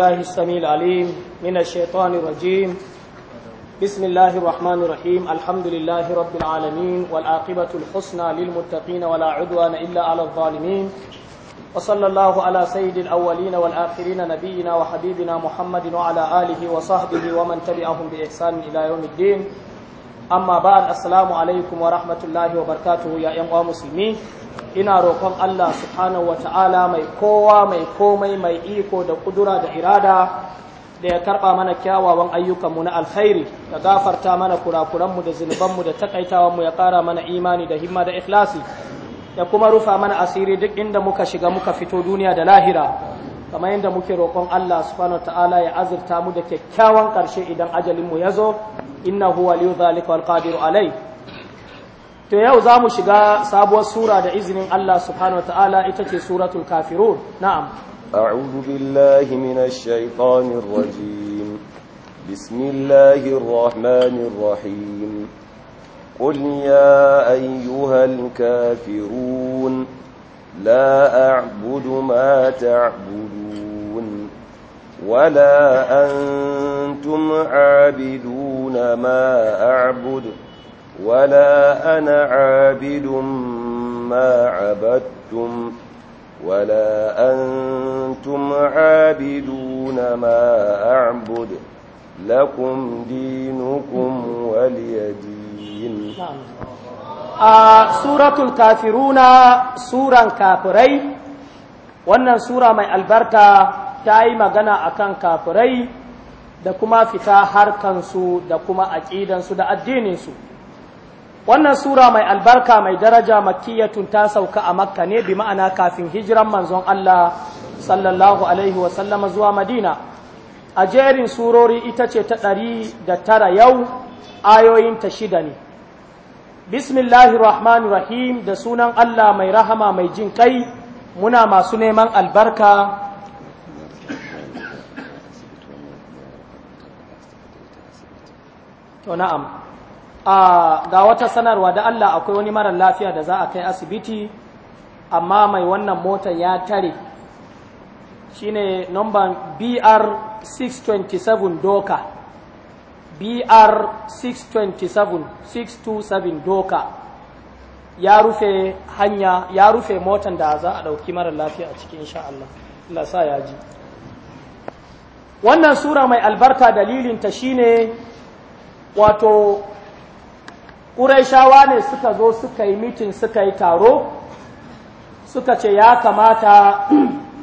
الله السميع العليم من الشيطان الرجيم بسم الله الرحمن الرحيم الحمد لله رب العالمين والعاقبة الحسنى للمتقين ولا عدوان إلا على الظالمين وصلى الله على سيد الأولين والآخرين نبينا وحبيبنا محمد وعلى آله وصحبه ومن تبعهم بإحسان إلى يوم الدين amma ba'an assalamu alaikum wa rahmatullahi wa barkatuhu ya yan uwa musulmi ina roƙon Allah subhanahu wa ta'ala mai kowa mai komai mai iko da kudura da irada da ya karɓa mana kyawawan ayyukanmu na alkhairi da gafarta mana kurakuranmu da zunubanmu da takaitawanmu ya ƙara mana imani da himma da ikhlasi da kuma rufa mana asiri duk inda muka shiga muka fito duniya da lahira kamar yadda muke roƙon Allah subhanahu ta'ala ya azurta mu da kyakkyawan ƙarshe idan ajalin mu yazo huwa waliyu zalika wal qadiru alai to yau za mu shiga sabuwar sura da izinin Allah subhanahu ta'ala ita ce suratul kafirun na'am أعوذ بالله من الشيطان الرجيم بسم الله الرحمن الرحيم ya يا أيها لا أعبد ما تعبدون ولا أنتم عابدون ما أعبد ولا أنا عابد ما عبدتم ولا أنتم عابدون ما أعبد لكم دينكم وليدين الله نعم. a suratul kafiruna suran kafirai wannan sura mai albarka ta yi magana akan kafirai da kuma fita harkansu da kuma aƙidansu da addininsu wannan sura mai albarka mai daraja makiyatun ta sauka a makka ne bi ma'ana kafin hijiran manzon Allah sallallahu alaihi wasallama zuwa madina a jerin surori ita ce ta ɗari da tara yau ayoyinta shida ne bismillahir rahmanir rahim da sunan Allah mai rahama mai jin kai muna masu neman albarka to na'am ga wata sanarwa da Allah akwai wani mara lafiya da za a kai asibiti amma mai wannan mota ya tare shine number BR 627 doka br 627 627 doka ya rufe hanya ya rufe motan da za a ɗauki mara lafiya a cikin insha Allah Allah ya ji wannan sura mai albarka dalilinta shine wato ƙuraishawa ne suka zo suka yi mitin suka yi taro suka ce ya kamata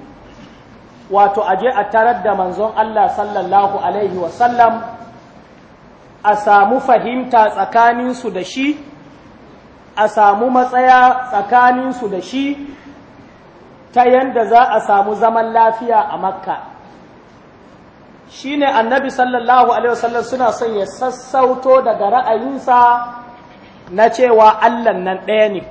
wato aje a tarar da manzon Allah sallallahu alaihi wasallam a samu fahimta tsakaninsu da shi a samu matsaya tsakaninsu da shi ta yadda za a samu zaman lafiya a makka shine annabi sallallahu alaihi wasallam suna son ya sassauto daga ra'ayinsa na cewa allan nan ɗaya ne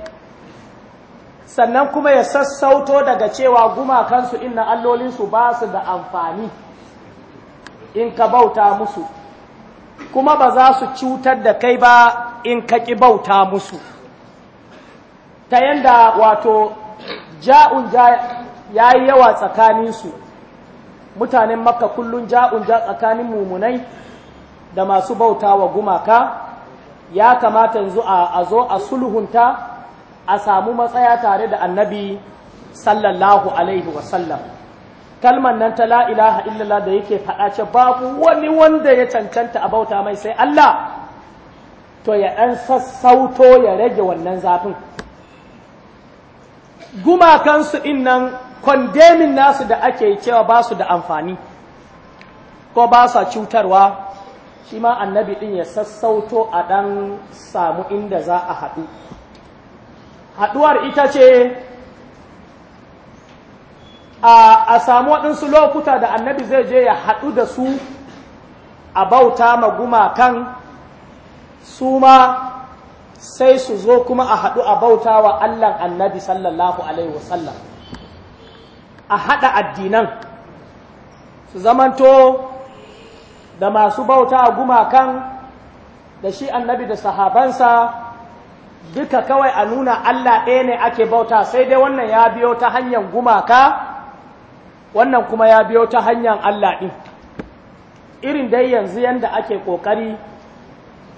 sannan kuma ya sassauto daga cewa gumakansu inna allolinsu ba su da amfani in ka bauta musu kuma ba za su cutar da kai ba in ka ƙi bauta musu ta yadda wato ja'un ja ya yi yawa tsakaninsu mutanen makka kullum ja'un ja tsakanin mummunai da masu bauta wa gumaka ya kamata yanzu a zo a sulhunta a samu matsaya tare da annabi sallallahu alaihi wasallam kalmar nan ta la illala da yake faɗa ce babu wani wanda ya cancanta a bauta mai sai Allah to ya ɗan sassauto ya rage wannan zafin gumakansu in nan kwandemin nasu da ake cewa ba su da amfani ko ba sa cutarwa shi ma annabi ɗin ya sassauto a ɗan samu inda za a haɗu haɗuwar ita ce a samu waɗansu lokuta da annabi zai je ya haɗu da su a bauta ma gumakan su ma sai su zo kuma a haɗu a bauta wa Allahn annabi sallallahu Alaihi wasallam a haɗa addinan su zamanto da masu bauta a gumakan da shi annabi da sahabansa duka kawai a nuna Allah ɗaya ne ake bauta sai dai wannan ya biyo ta hanyar gumaka wannan kuma ya biyo ta hanyar Allah ɗin irin dai yanzu yadda ake ƙoƙari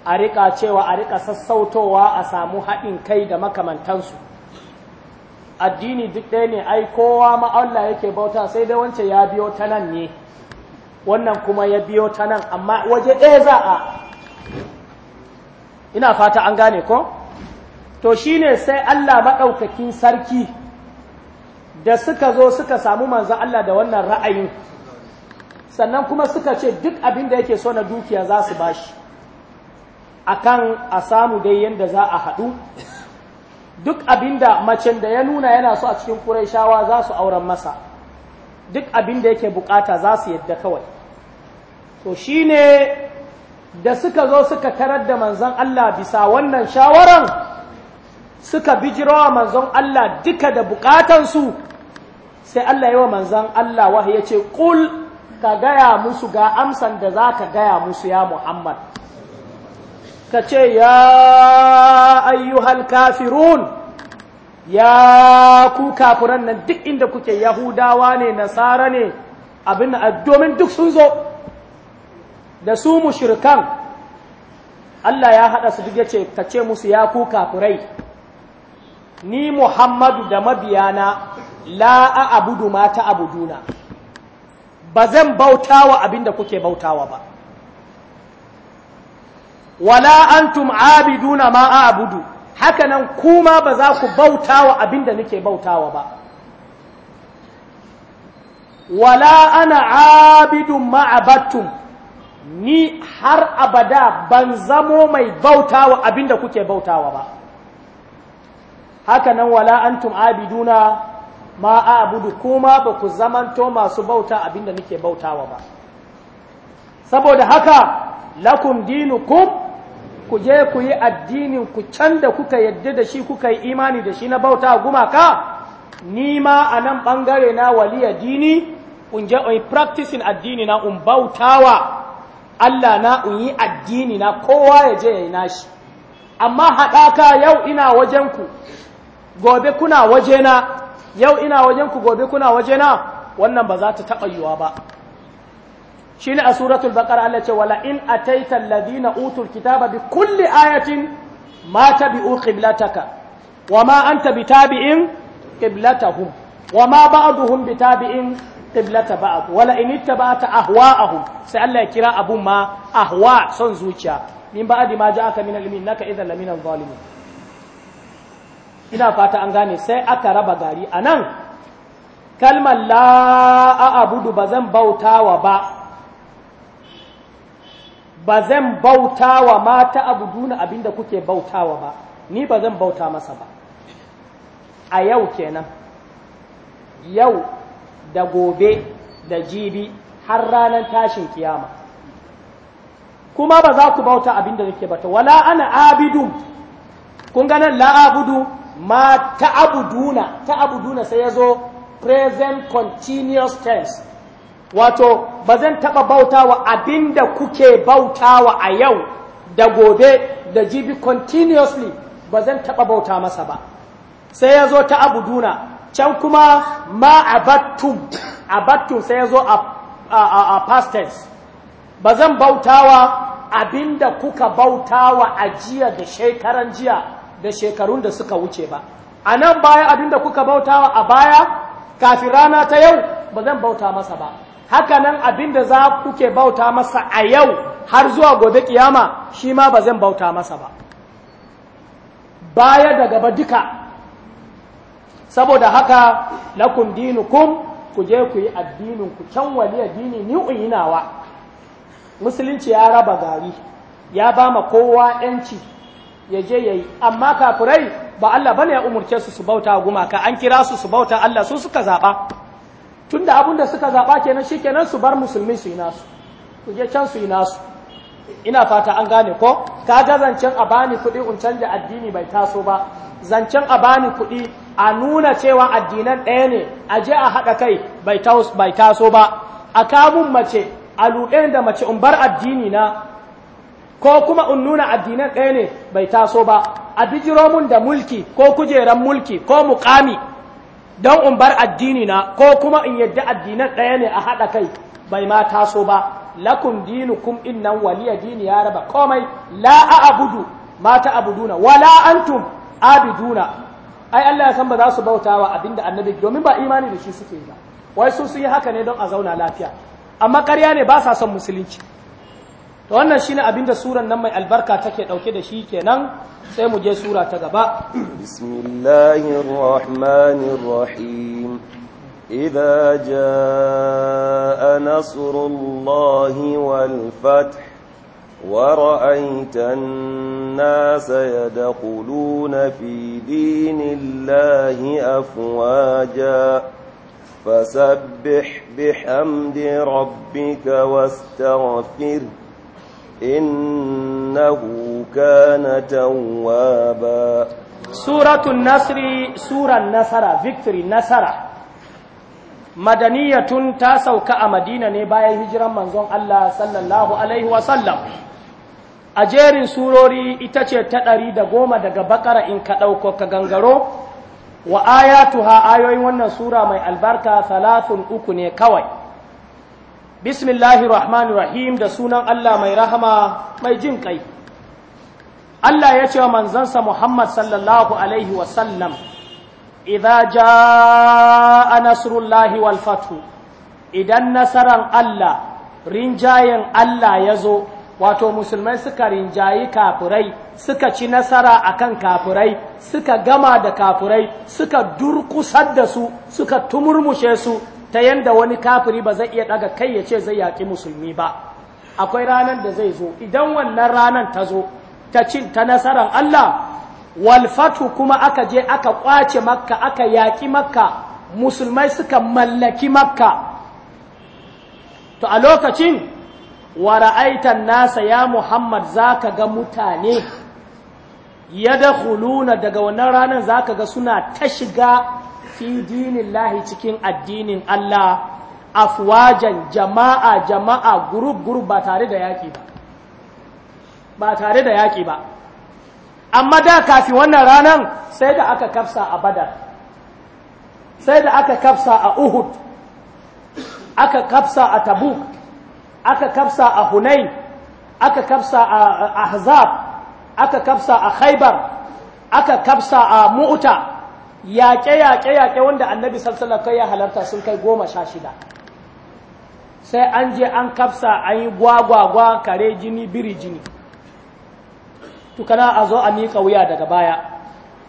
a riƙa cewa a riƙa sassautowa a samu haɗin kai da makamantansu addini duk ɗaya ne ai kowa ma Allah yake bauta sai dai wancan ya biyo ta nan ne wannan kuma ya biyo ta nan amma waje ɗaya za a ina fata an gane ko to shine sai Allah maɗaukakin sarki da suka zo suka samu manzan Allah da wannan ra'ayin sannan kuma suka ce duk abin da yake so na dukiya za su bashi akan a samu dai yadda za a haɗu duk abin da macen da ya nuna yana so a cikin Qurayshawa za su auren masa duk abin da yake bukata za su yadda kawai to shine da suka zo suka tarar da manzon Allah bisa wannan shawaran suka bijirawa manzon Allah duka da bukatansu sai Allah wa manzan Allah wahayi ya ce ƙul ka gaya musu ga amsan da za ka gaya musu ya Muhammad ka ce ya ayyuhal kafirun ya ku kafiran nan duk inda kuke yahudawa ne nasara ne abin domin duk sun zo da su shirkan Allah ya haɗa su duk ya ce ka ce musu ya ku kafirai ni Muhammadu da mabiyana la a abudu ma ta abuduna ba zan bauta bautawa abinda kuke bautawa ba wala antum abiduna ma a abudu hakanan kuma ba za ku bauta wa abinda nake bautawa ba wala ana abidun ma'abattum ni har abada ban zamo mai bauta bautawa abinda kuke bautawa ba hakanan wala antum abiduna ma a abudu kuma ba ku zamanto masu bauta abinda nake bautawa ba saboda haka lakum dinu ku Ku je ku yi addinin ku can kuka yadda da shi kuka yi imani da shi na bauta gumaka ni ma a nan ɓangare na waliya dini in je in practicing addini na in bautawa Allah na in yi addini na kowa ya je ya yi nashi amma haɗaka yau ina wajenku gobe kuna wajena yau ina wajen ku gobe kuna wajena wannan ba za ta taɓa yiwa ba shine a suratul baqara Allah ce wala in ataita ladina utul kitaba bi kulli ayatin ma tabi'u qiblataka wama anta bitabi'in qiblatahum wama ba'duhum bitabi'in ba ba'd wala in ittaba'ta ahu sai Allah ya kira abun ma ahwa son zuciya min ba'di ma aka min al-ilmi innaka idhan lamina zalimin ina fata an gane sai aka raba gari a nan kalmar laabudu ba zan bauta wa ba ba zan bauta wa mata abuduna abinda kuke bauta wa ba ni ba zan bauta masa ba a yau kenan yau da gobe da jibi har ranar tashin kiyama kuma ba za ku bauta abinda nake bata wala ana abidu kun ganin la'abudu ma ta abuduna sai yazo present continuous tense wato ba zan taba bautawa abinda kuke bautawa a yau da gobe da jibi continuously ba zan taba bauta masa ba sai yazo abuduna can kuma ma abattum abattum sai yazo a a, past tense ba zan bautawa abinda kuka bautawa a jiya da shekaran jiya da shekarun da suka wuce ba a nan baya abinda kuka bautawa a baya kafin rana ta yau ba zan bauta masa ba haka nan abin da za kuke bauta masa a yau har zuwa gobe kiyama shi ma ba zan bauta masa ba baya da gaba duka saboda haka lakum dinukum ku je ku yi addinin ku can addini ni uyinawa musulunci ya raba gari ya ba ma kowa 'yanci ya je ya yi amma kafirai ba Allah bane ya umurce su su bauta gumaka an kira su su bauta Allah su suka zaɓa tunda abin da suka zaɓa kenan shikenan su bar musulmi su yi nasu su je can su yi nasu ina fata an gane ko ga zancen a bani kuɗi in canja addini bai taso ba zancen a bani kuɗi a nuna cewa addinan ɗaya ne a je a haɗa kai bai taso ba a kamun mace a luɗe da mace in bar addini na ko kuma in nuna addinan ɗaya ne bai taso ba a bijiro mun da mulki ko kujeran mulki ko mukami don in bar addini na ko kuma in yadda addinan ɗaya ne a haɗa kai bai ma taso ba lakum kum innan waliya dini ya raba komai la a'budu ma ta'buduna wala antum abiduna ai Allah ya san ba za su bauta wa abinda annabi domin ba imani da shi suke ba wai su sun yi haka ne don a zauna lafiya amma karya ne ba sa son musulunci to wannan shine abinda suran nan mai albarka take dauke da shi kenan sai mu je sura ta gaba bismillahir rahmanir rahim idza jaa nasrullahi wal fath ورأيت الناس يدخلون في دين الله أفواجا فسبح بحمد ربك واستغفره innahu kana tawwaba suratul nasri suran nasara victory nasara madaniyatun ta sauka a madina ne bayan hijiran manzon Allah sallallahu alaihi a jerin surori ita ce ta ɗari da goma daga bakara in ka ɗauko ka gangaro wa ayatuha ayoyin wannan sura mai albarka salafin uku ne kawai bismillahi rahmanir rahim da sunan Allah mai rahama mai jin kai Allah ya ce wa manzansa Muhammad sallallahu alaihi wasallam idza jaa nasrullahi wal fathu idan nasaran Allah rinjayen Allah ya zo wato musulmai suka rinjayi kafirai suka ci nasara a kan kafirai suka gama da kafirai suka durkusar da su suka tumurmushe su ta yanda wani kafiri ba zai iya daga kai ya ce zai yaƙi musulmi ba akwai ranar da zai zo idan wannan ranar ta zo ta cin ta nasarar Allah walfatu kuma aka je aka kwace makka aka yaƙi makka musulmai suka mallaki makka to a lokacin wa ra'aitan nasa ya muhammad zaka ga mutane ya da daga wannan ranar zaka ga suna ta shiga fi lahi cikin addinin Allah afwajan jama'a jama'a gurub gurub ba tare da yaƙi ba ba tare da yaƙi ba amma da kafin wannan ranar sai da aka kafsa a badar sai da aka kafsa a uhud aka kafsa a tabuk aka kafsa a hunain aka kafsa a ahzab aka kafsa a khaibar aka kafsa a mu'ta yaƙe yaƙe yaƙe wanda annabi sallallahu kai ya halarta sun kai goma sha shida sai an je an kafsa an yi gwagwagwa kare jini biri jini tukana a zo a miƙa wuya daga baya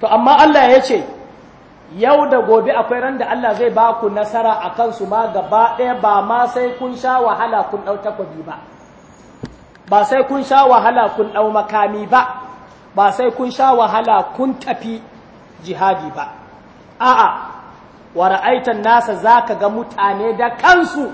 to amma Allah ya ce yau da gobe akwai ran da Allah zai ba ku nasara a kansu ma gaba ɗaya ba ma sai kun sha wahala kun ɗau takwabi ba ba sai kun sha wahala kun ɗau makami ba ba sai kun sha wahala kun tafi jihadi ba a'a wa ra'aitan nasa zaka ga mutane da kansu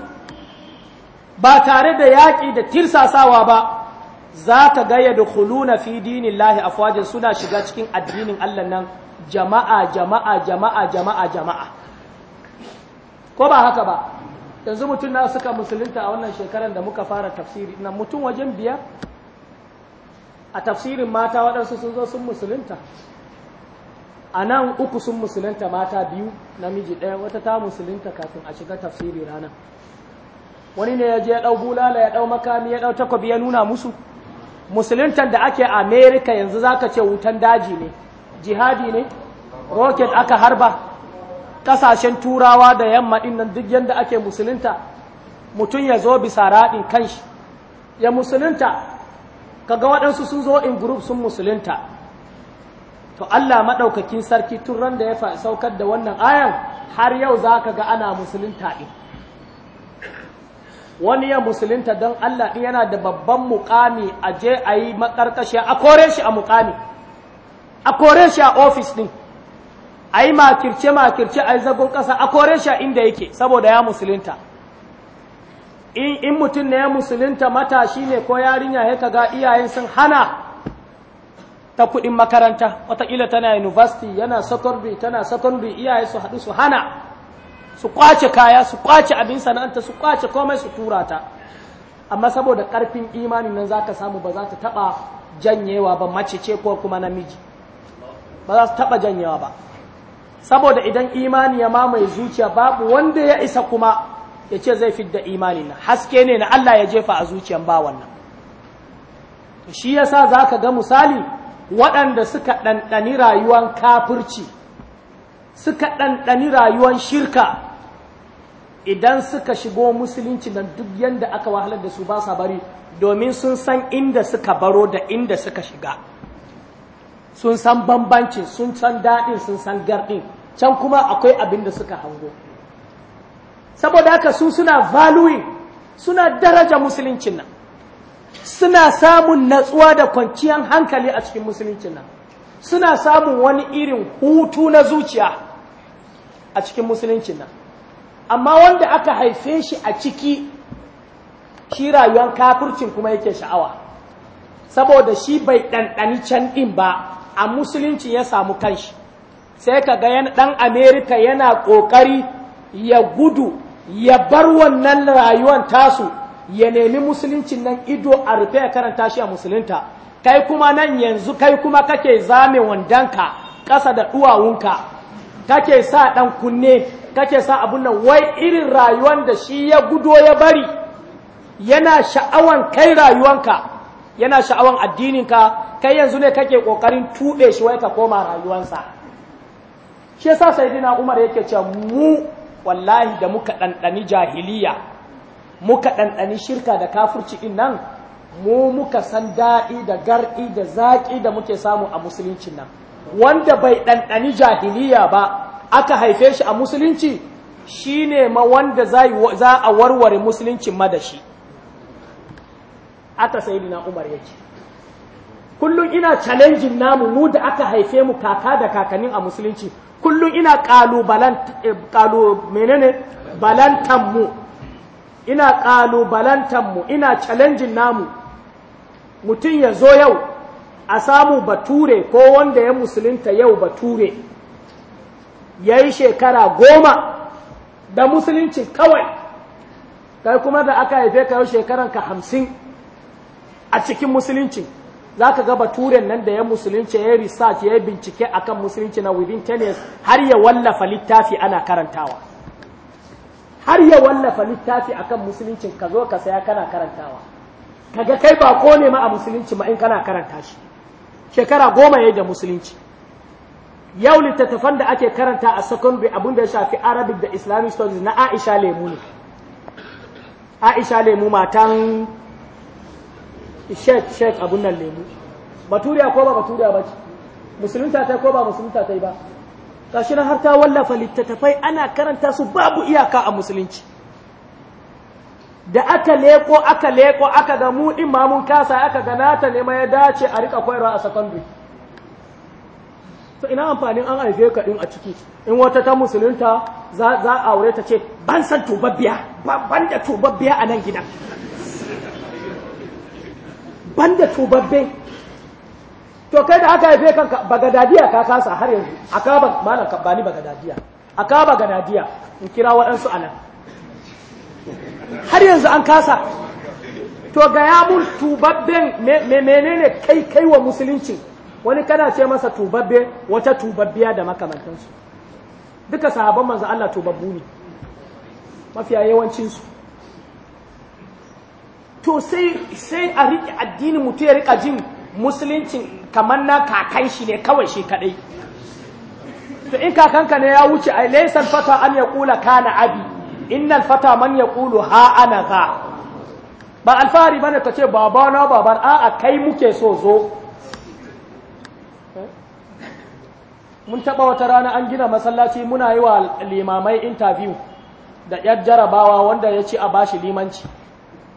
ba tare da yaƙi da tirsasawa ba za ka ga yadkhuluna fi dinillahi afwajin suna shiga cikin addinin Allah nan jama'a jama'a jama'a jama'a jama'a ko ba haka ba yanzu mutum na suka musulunta a wannan shekarar da muka fara tafsiri nan mutum wajen biya a tafsirin mata waɗansu sun zo sun musulunta a nan uku sun musulunta mata biyu namiji ɗaya wata ta musulunta kafin a shiga tafsiri rana wani ne ya je ya ɗau bulala ya ɗau makami ya ɗau takobi ya nuna musu musuluntan da ake amerika yanzu zaka ce wutan daji ne jihadi ne rocket aka harba ƙasashen turawa da yamma ɗin nan duk yadda ake musulunta mutum ya zo bisa raɗin kanshi ya musulunta kaga waɗansu sun zo in group sun musulunta to Allah maɗaukakin sarki tun ran da ya saukar da wannan ayan har yau za ka ga ana musulunta ɗin wani ya musulunta don Allah ɗin yana da babban mukami a je a yi makarkashi a kore shi a mukami a kore shi a ofis ɗin a yi makirce makirce a yi zagon ƙasa a kore shi a inda yake saboda ya musulunta in mutum ne ya musulunta matashi ne ko yarinya ya ga iyayen sun hana ta kuɗin makaranta watakila tana university yana secondary tana secondary iyaye su haɗu su hana su kwace kaya su kwace abin sana'anta su kwace komai su tura ta amma saboda karfin imanin nan zaka samu ba za ta taɓa janyewa ba mace ce ko kuma namiji ba za su taɓa janyewa ba saboda idan imani ya mai zuciya babu wanda ya isa kuma ya ce zai fidda imani na haske ne na Allah ya jefa a zuciyan ba wannan shi yasa zaka ga misali waɗanda suka ɗanɗani rayuwan kafirci suka ɗanɗani rayuwan shirka idan suka shigo musulunci nan duk yadda aka wahalar da su ba sa bari domin sun san inda suka baro da inda suka shiga sun san bambancin sun san daɗin sun san garɗin can kuma akwai abin da suka hango saboda haka su suna valuing suna daraja musuluncin nan suna samun natsuwa da kwanciyar hankali a cikin musulunci nan suna samun wani irin hutu na zuciya a cikin musulunci nan amma wanda aka haife shi a ciki shi rayuwar kafircin kuma yake sha'awa saboda shi bai ɗanɗani can ɗin ba a musulunci ya samu kanshi sai ka ga ɗan amerika yana ƙoƙari ya gudu ya bar wannan rayuwar tasu ya nemi musuluncin nan ido a rufe ya karanta shi a musulunta kai kuma nan yanzu kai kuma kake zame wandanka ƙasa da duwawunka kake sa ɗan kunne kake sa abun nan wai irin rayuwan da shi ya gudo ya bari yana sha'awan kai rayuwanka yana sha'awan addininka kai yanzu ne kake ƙoƙarin tuɓe shi wai ka koma rayuwansa shi yasa sayyidina umar yake cewa mu wallahi da muka ɗanɗani jahiliya muka ɗanɗani shirka da kafurci ɗin nan mu muka san daɗi da garɗi da zaƙi da muke samu a musuluncin nan wanda bai ɗanɗani jahiliya ba aka haife shi a musulunci shi ne ma wanda za a warware musuluncin shi aka sai na umar ya ce kullum ina challenging namu mu da aka haife mu kaka da kakannin a musulunci kullum ina eh, balantan mu ina mu ina challenging namu mutum ya zo yau a samu bature ko wanda ya musulunta yau bature ya yi shekara goma da musulunci kawai kai kuma da aka haife ka yau ka hamsin a cikin musulunci za ka ga baturen nan da ya musulunci ya yi research ya yi bincike akan musulunci na within 10 years har ya wallafa littafi ana karantawa har ya wallafa littafi akan musuluncin ka zo ka saya kana karantawa kaga kai ba ko ne ma a musulunci ma in kana karanta shi shekara goma ya yi da musulunci yau littattafan da ake karanta a secondary abin da ya shafi arabic da islamic studies na aisha lemu ne aisha lemu matan sheikh sheik abun nan lemu baturiya ko ba baturiya ba ce musulunta ta ko ba musulunta ta yi ba gashi nan har ta wallafa littattafai ana karanta su babu iyaka a musulunci da aka leko aka leko aka ga mu din ma kasa aka ga nata ne mai ya dace a rika koyarwa a secondary to ina amfanin an haife ka din a ciki in wata ta musulunta za za aure ta ce ban san tubabbiya ban da tubabbiya a nan gidan ban da tubabbe to kai da aka haife kanka bagadadiya ka kasa har yanzu aka ba malam kabbani bagadadiya aka ganadiya in kira waɗansu anan har yanzu an kasa to ga ya mun tubabben menene kai kai wa musulunci wani kana ce masa tubabbe wata tubabbiya da makamantansu duka sahabban manzo Allah tubabbu ne mafiya yawancinsu to sai a riƙe addinin mutu ya riƙa jin musuluncin kamar na kakan shi ne kawai shi kadai to in kakanka ne ya wuce ai laysa fata an ya yaqula kana abi innal fata man yaqulu ha ana za ba alfahari bane ce baba na babar a a kai muke so zo mun taba wata rana an gina masallaci muna yi wa limamai interview da yar jarabawa wanda ya ci a bashi limanci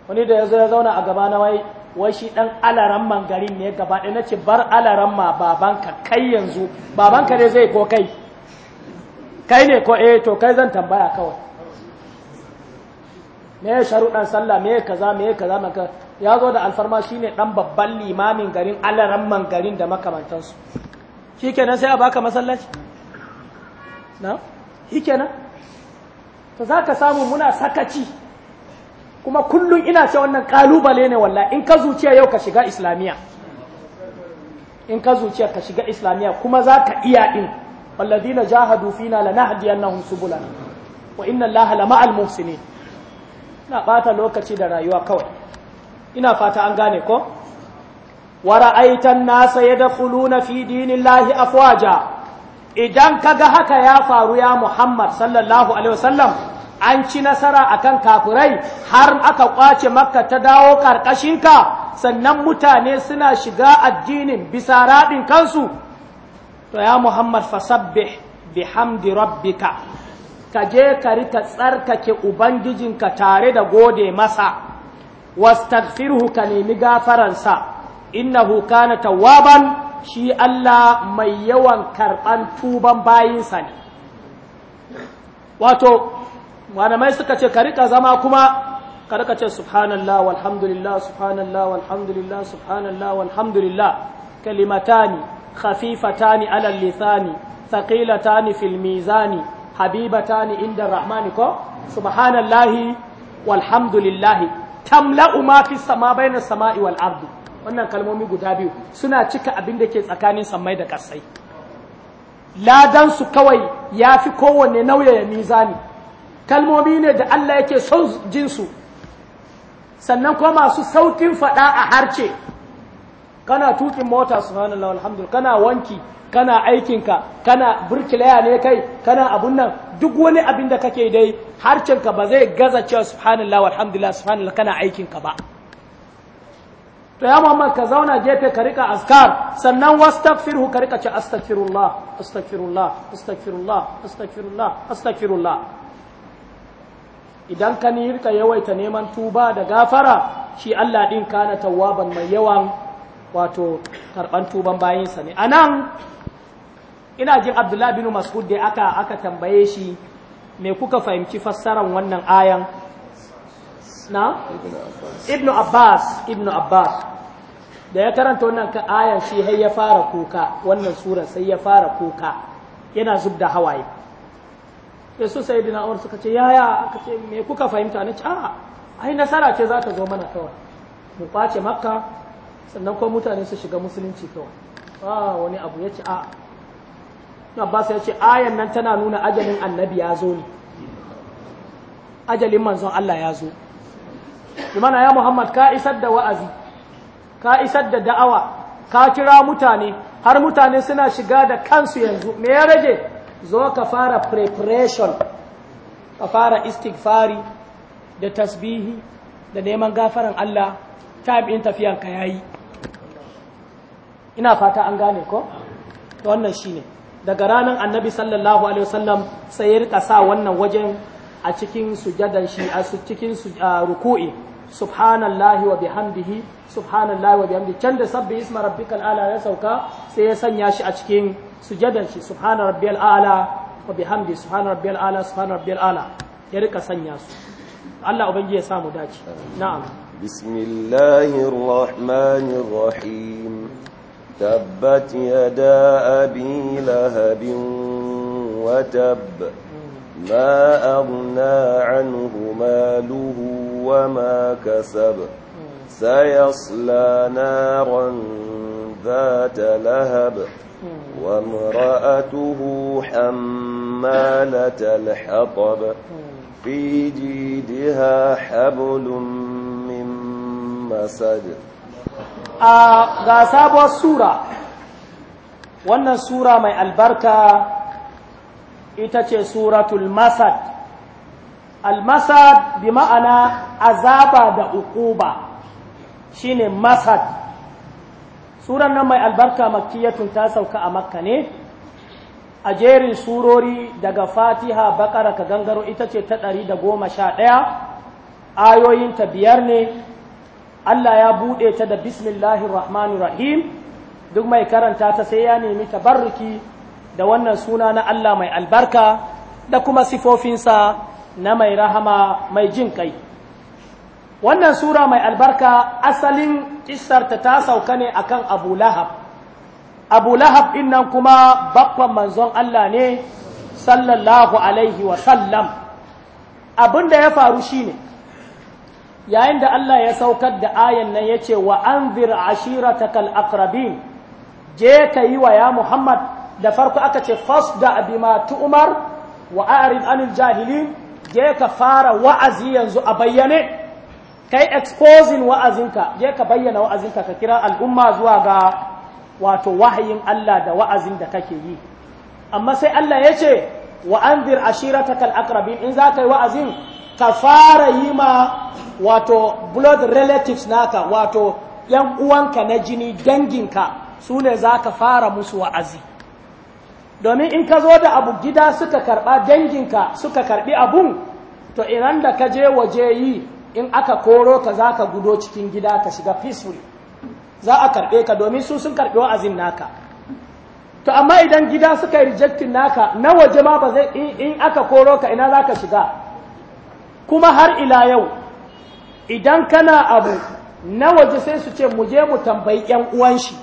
wani da ya zo ya zauna a gaba na wai wai shi dan man garin ne gaba ɗaya nace bar ma babanka kai yanzu babanka ne zai ko kai kai ne ko eh to kai zan tambaya kawai me sharuɗan sallah me kaza me kaza maka ya zo da alfarma shine dan babban limamin garin man garin da makamantansu shikenan sai a baka masallaci na shikenan to zaka samu muna sakaci kuma kullum ina ce wannan kalubale ne wallahi in ka zuciya yau ka shiga islamiyya in ka zuciya ka shiga islamiyya kuma za ka iya din walladina jahadu fina lanahdiyannahum subulana wa inna allaha lama'al muhsinin ina bata lokaci da rayuwa kawai ina fata an gane ko wa ra'aitan nasa yadkhuluna fi dinillahi afwaja idan kaga haka ya faru ya Muhammad sallallahu alaihi wasallam an ci nasara akan kafirai har aka kwace makka ta dawo karkashinka sannan mutane suna shiga addinin bisa raɗin kansu to ya muhammad fasabbih bihamdi rabbika ka je ka rika tsarkake ubangijinka tare da gode masa wastaghfirhu ka nemi gafaransa innahu kana tawwaban shi Allah mai yawan karɓan tuban bayinsa ne wato malamai suka ce ka rika zama kuma ka ce subhanallah walhamdulillah subhanallah walhamdulillah subhanallah walhamdulillah kalimatani khafifatani ala lisani thaqilatani fil mizani habibatani inda rahmani ko subhanallahi walhamdulillahi tamla'u ma fi sama bayna sama'i wal ardi wannan kalmomi guda biyu suna cika abin da ke tsakanin sammai da kasai ladan su kawai yafi kowanne nauya ya mizani kalmomi ne da Allah yake son jinsu sannan kuma masu saukin fada a harce kana tukin mota subhanallah alhamdulillah kana wanki kana aikinka kana burkilaya ne kai kana abun nan duk wani abin da kake dai harcenka ba zai gaza cewa subhanallah alhamdulillah subhanallah kana aikinka ba to ya Muhammad ka zauna gefe ka rika askar sannan wastaghfirhu ka rika ce astaghfirullah astaghfirullah astaghfirullah astaghfirullah astaghfirullah idan ka nirka yawaita neman tuba da gafara shi Allah din kana tawwaban mai yawan wato karban tuban bayinsa ne anan ina jin Abdullah bin Mas'ud da aka aka tambaye shi me kuka fahimci fassaran wannan ayan na Ibn Abbas Ibn Abbas da ya karanta wannan ayan shi har ya fara kuka wannan sura sai ya fara kuka yana zubda hawaye sai su sai dina umar suka ce yaya aka ce me kuka fahimta ne ce a'a ai nasara ce za ta zo mana kawai mu kwace makka sannan kuma mutane su shiga musulunci kawai a wani abu ya ce a'a na ba ya ce ayan nan tana nuna ajalin annabi ya zo ne ajalin manzon Allah ya zo bimana ya Muhammad ka isar da wa'azi ka isar da da'awa ka kira mutane har mutane suna shiga da kansu yanzu me ya rage zo ka fara preparation ka fara istighfari da tasbihi da neman gafaran Allah time in tafiyan ka yayi ina fata an gane ko to wannan shine daga ranar annabi sallallahu alaihi wasallam sai ya rika sa wannan wajen a cikin sujadan shi a cikin ruku'i subhanallahi wa bihamdihi subhanallahi wa bihamdihi can da sabbi isma rabbikal ala ya sauka sai ya sanya shi a cikin sujadan shi subhana rabbiyal a'la wa bihamdi subhana rabbiyal a'la subhana rabbiyal a'la ya rika sanya su Allah ubangiji ya samu dace na'am bismillahir rahmanir rahim tabbat yada abi lahabin wa tabb ma aghna anhu maluhu wa ma kasab sayasla naran ذات لهب وامرأته حمالة الحطب في جيدها حبل من مسد ga sabuwar sura wannan sura mai albarka ita ce suratul masad al-masad bi ma'ana azaba da ukuba shine masad suran nan mai albarka makkiyatun ta sauka a makka ne a jerin surori daga fatiha bakara ka gangaro ita ce ta ɗari da goma sha ɗaya ayoyinta biyar ne allah ya buɗe ta da bismillahir rahmanir rahim duk mai karanta ta sai ya nemi tabarruki da wannan suna na allah mai albarka da kuma sifofinsa na mai rahama mai jin kai wannan sura mai albarka asalin kisarta ta sauka ne akan abu lahab abu lahab nan kuma babban manzon Allah ne sallallahu alaihi wasallam da ya faru shine yayin da Allah ya saukar da ayan nan ya ce wa an ashiratakal akrabin je ka yi wa ya muhammad da farko aka ce fas bima umar wa a'rid anil jahilin je ka fara wa'azi yanzu a bayyane kai exposing wa'azinka je ka bayyana wa'azinka ka kira al'umma zuwa ga wato wahayin Allah da wa'azin da kake yi amma sai Allah ya ce wa anzir ashiratakal aqrabin in za ka yi wa'azin ka fara yi ma wato blood relatives naka wato yan uwanka na jini danginka su ne za ka fara musu wa'azi domin in ka zo da abu gida suka karba danginka suka karbi abun to idan da ka je waje yi in aka koro ka za ka gudo cikin gida ka shiga peacefully za a karɓe ka domin su sun karɓi wa'azin naka to amma idan gida suka yi rejectin naka na waje ma ba zai in aka koro ka ina za ka shiga kuma har ila yau idan kana abu na waje sai su ce mu je mu tambayi 'yan uwan shi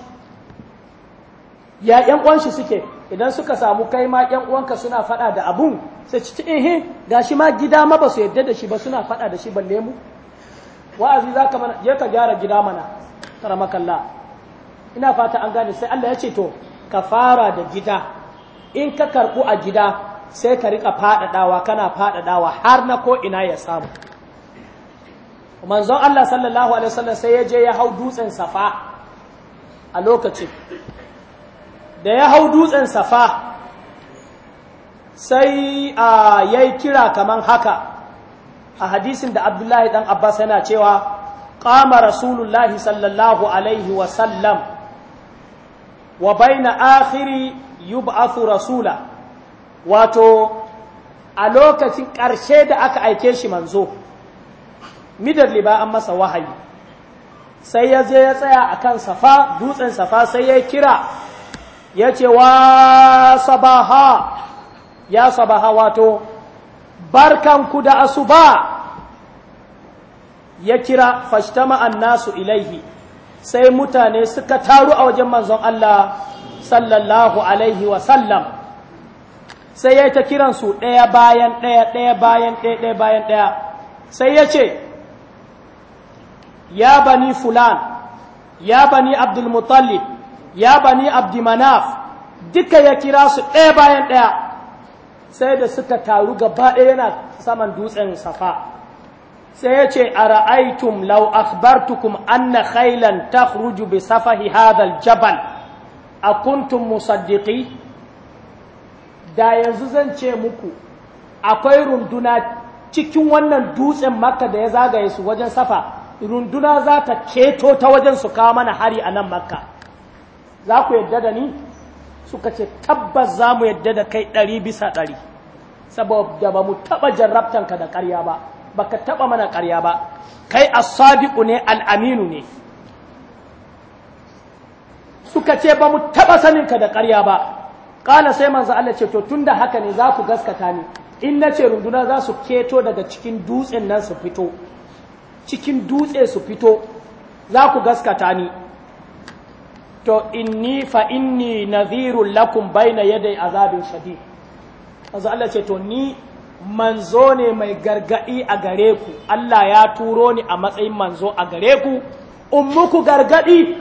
ya 'yan uwan shi suke idan suka samu kai ma ƴan uwanka suna faɗa da abun sai ci eh gashi ma gida ma ba su yadda da shi ba suna faɗa da shi balle mu wa'azi zaka mana je ka gyara gida mana karamakalla ina fata an gane sai Allah ya ce to ka fara da gida in ka karɓi a gida sai ka rika faɗaɗawa kana faɗaɗawa har na ko ina ya samu manzon Allah sallallahu alaihi wasallam sai ya je ya hau dutsen safa a lokacin da ya hau dutsen safa sai a yayi kira kaman haka a hadisin da abdullahi dan abbas yana cewa qama rasulullahi sallallahu alaihi wa sallam wa baina akhiri yub'athu rasula wato a lokacin ƙarshe da aka aike shi manzo midar liba an masa wahayi sai ya je ya tsaya akan safa dutsen safa sai ya kira ya ce wa sabaha ya sabaha wato barkanku da asuba ya kira fashtama annasu ilaihi sai mutane suka taru a wajen manzon Allah sallallahu alaihi wasallam sai ya ta kiransu ɗaya bayan ɗaya ɗaya bayan ɗaya ɗaya bayan ɗaya sai ya ce ya bani fulan ya bani abdulmutallib ya bani abdimanaf duka ya kira su ɗaya bayan ɗaya sai da suka taru gaba ɗaya yana saman dutsen safa sai ya ce a ra'aitum lau akhbartukum anna khailan takhruju bi safahi hadal jabal a kuntun musaddiki da yanzu zan ce muku akwai runduna cikin wannan dutsen makka da ya zagaye su wajen safa runduna za ta keto ta wajen su kawo mana hari a nan makka za ku yadda da ni suka ce tabbas za mu yadda da kai ɗari bisa ɗari saboda ba mu taɓa jarrabtanka da ƙarya ba ba ka taɓa mana ƙarya ba kai sadiƙu ne al'aminu ne suka ce ba mu taɓa saninka da ƙarya ba ƙala sai manzo Allah ce to tunda haka ne za ku gaskata ni in na ce runduna za su keto daga cikin dutsen nan su fito cikin dutse su fito za ku gaskata ni to inni fa inni nadhiru lakum bayna yaday azabin shadid azza Allah ce to ni manzo ne mai gargadi a gare ku Allah ya turo ni a matsayin manzo a gare ku ummuku gargadi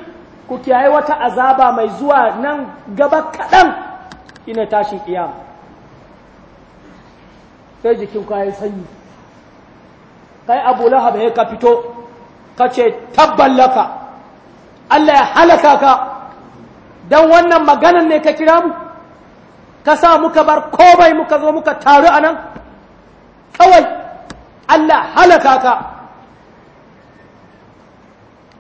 ku kiyaye wata azaba mai zuwa nan gaba kadan ina tashi kiyama sai jikin ku ya sanyi kai Abu Lahab ya ka fito kace tabballaka Allah ya halaka ka don wannan maganan ne ka kira mu ka sa muka bar komai muka zo muka taru a nan kawai Allah halaka ka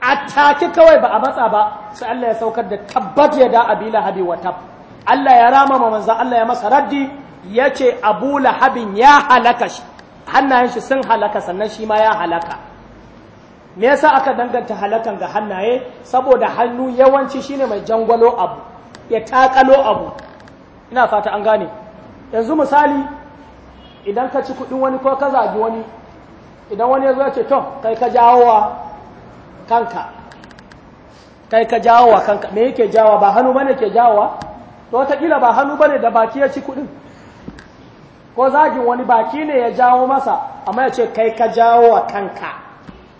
a take kawai ba a matsa ba sai Allah ya saukar da tabbat ya da abi lahabi wa tab Allah ya rama ma manzan Allah ya masa raddi ya ce abu lahabin ya halaka shi hannayen shi sun halaka sannan shi ma ya halaka me yasa aka danganta halakan ga hannaye saboda hannu yawanci shine mai jangwalo abu ya takalo abu ina fata an gane yanzu misali idan ka ci kudin wani ko ka zagi wani idan wani ya zo ya ce to kai ka jawo wa kanka kai ka jawo wa kanka me yake jawo ba hannu bane ke jawo to kila ba hannu bane da baki ya ci kudin ko zagin wani baki ne ya jawo masa amma ya ce kai ka jawo wa kanka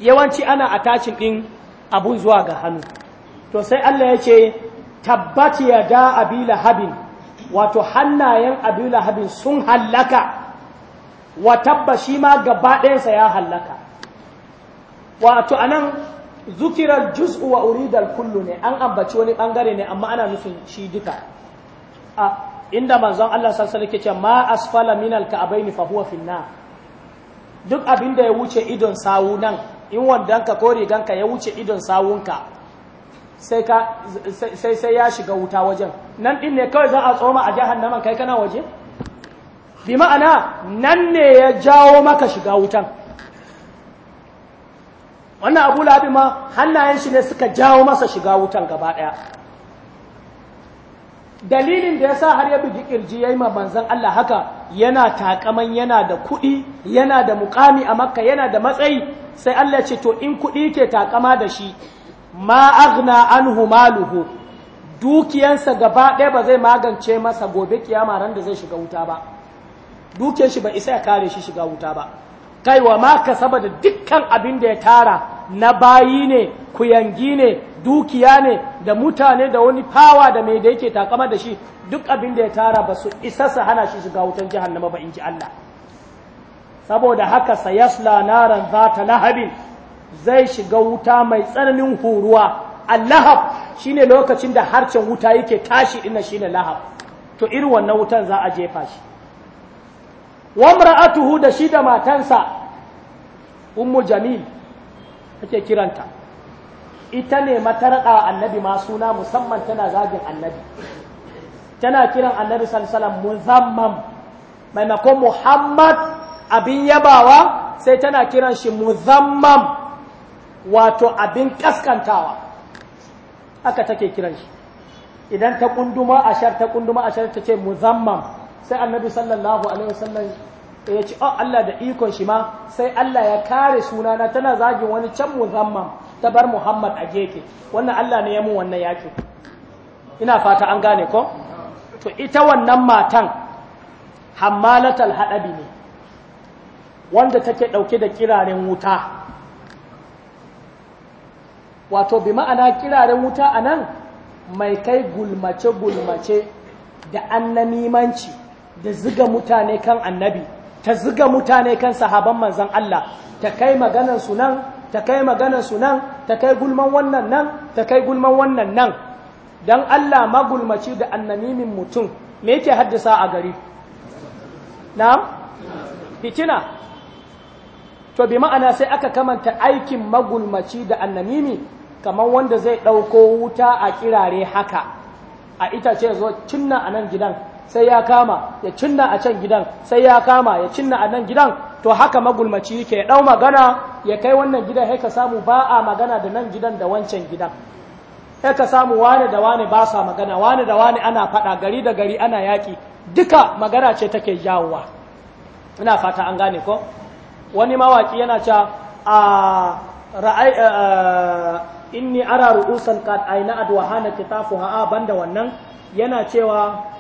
yawanci ana a tashin ɗin abun zuwa ga hannu to sai Allah ya ce tabbat ya da abila habin wato hannayen abila habin sun hallaka wa tabba shi ma gaba ɗayansa ya hallaka wato a nan, zukirar juz'u wa uridal kullu ne an ambaci wani ɓangare ne amma ana nufin shi duka a inda manzon Allah sallallahu ke ce ma asfala minal abai ni fahuwa finna. duk abinda ya wuce idon sawu nan in wandonka ko riganka ya wuce idon sawunka sai ka sai sai ya shiga wuta wajen nan din ne kawai za a tsoma a jahannaman kai kana waje bi ma'ana nan ne ya jawo maka shiga wutan wannan abu labi ma hannayen shi ne suka jawo masa shiga wutan gaba daya dalilin da ya sa har ya bugi kirji ya yi ma manzan Allah haka yana takaman yana da kuɗi yana da mukami a makka yana da matsayi sai Allah ce to in kuɗi ke takama da shi ma agna anhu maluhu dukiyansa gaba ɗaya ba zai magance masa gobe kiyama ran da zai shiga wuta ba dukiyar shi ba isa ya kare shi shiga wuta ba kaiwa ma ka saboda dukkan abin da ya tara na bayi ne kuyangi ne dukiya ne da mutane da wani fawa da mai da yake takama da shi duk abin da ya tara ba su isa su hana shi shiga wutan jahannama ba in ji Allah saboda haka sayasla naran zata lahabin zai shiga wuta mai tsananin huruwa allahab shine lokacin da harcen wuta yake tashi shi shine lahab to irin wannan wutan za a jefa shi wamra'atuhu da shi da matansa ummu jamil ake kiranta ita ne matarɗa wa annabi ma suna musamman tana zagin annabi tana kiran annabi sallallahu muzamman maimakon muhammad abin yabawa sai tana kiran shi muzamman wato abin kaskantawa aka take kiran shi idan ta kunduma shar ta kunduma shar ta ce muzamman sai annabi sallallahu alaihi wasallam sai ya ce oh Allah da ikon shi ma sai Allah ya kare suna na tana zagin wani can muzamman ta bar Muhammad a geke wannan Allah ne ya mun wannan yaƙi ina fata an gane ko to ita wannan matan hammalatal haɗari ne wanda take ɗauke da kiraren wuta wato bi ma'ana kiraren wuta a nan mai kai gulmace-gulmace da annanimanci da ziga mutane kan annabi ta ziga mutane kan sahaban manzan Allah ta kai maganarsu nan ta kai maganar nan ta kai gulman wannan nan ta kai gulman wannan nan dan Allah magulmaci da annamimin mutum me yake haddasa a gari na'am fitina to bi ma'ana sai aka kamanta aikin magulmaci da annamimi kamar wanda zai ɗauko wuta a kirare haka a itace zo cinna a nan gidan sai ya kama ya cinna a can gidan sai ya kama ya cinna a nan gidan to haka magulmaci yake ya ɗau magana ya kai wannan gidan sai ka samu ba a magana da nan gidan da wancan gidan sai ka samu wane da wane ba sa magana wane da wane ana fada gari da gari ana yaki duka magana ce take jawowa ina fata an gane ko wani mawaki yana cewa a ra'ai inni ara ru'usan qad aina adwahana hana kitafuha banda wannan yana cewa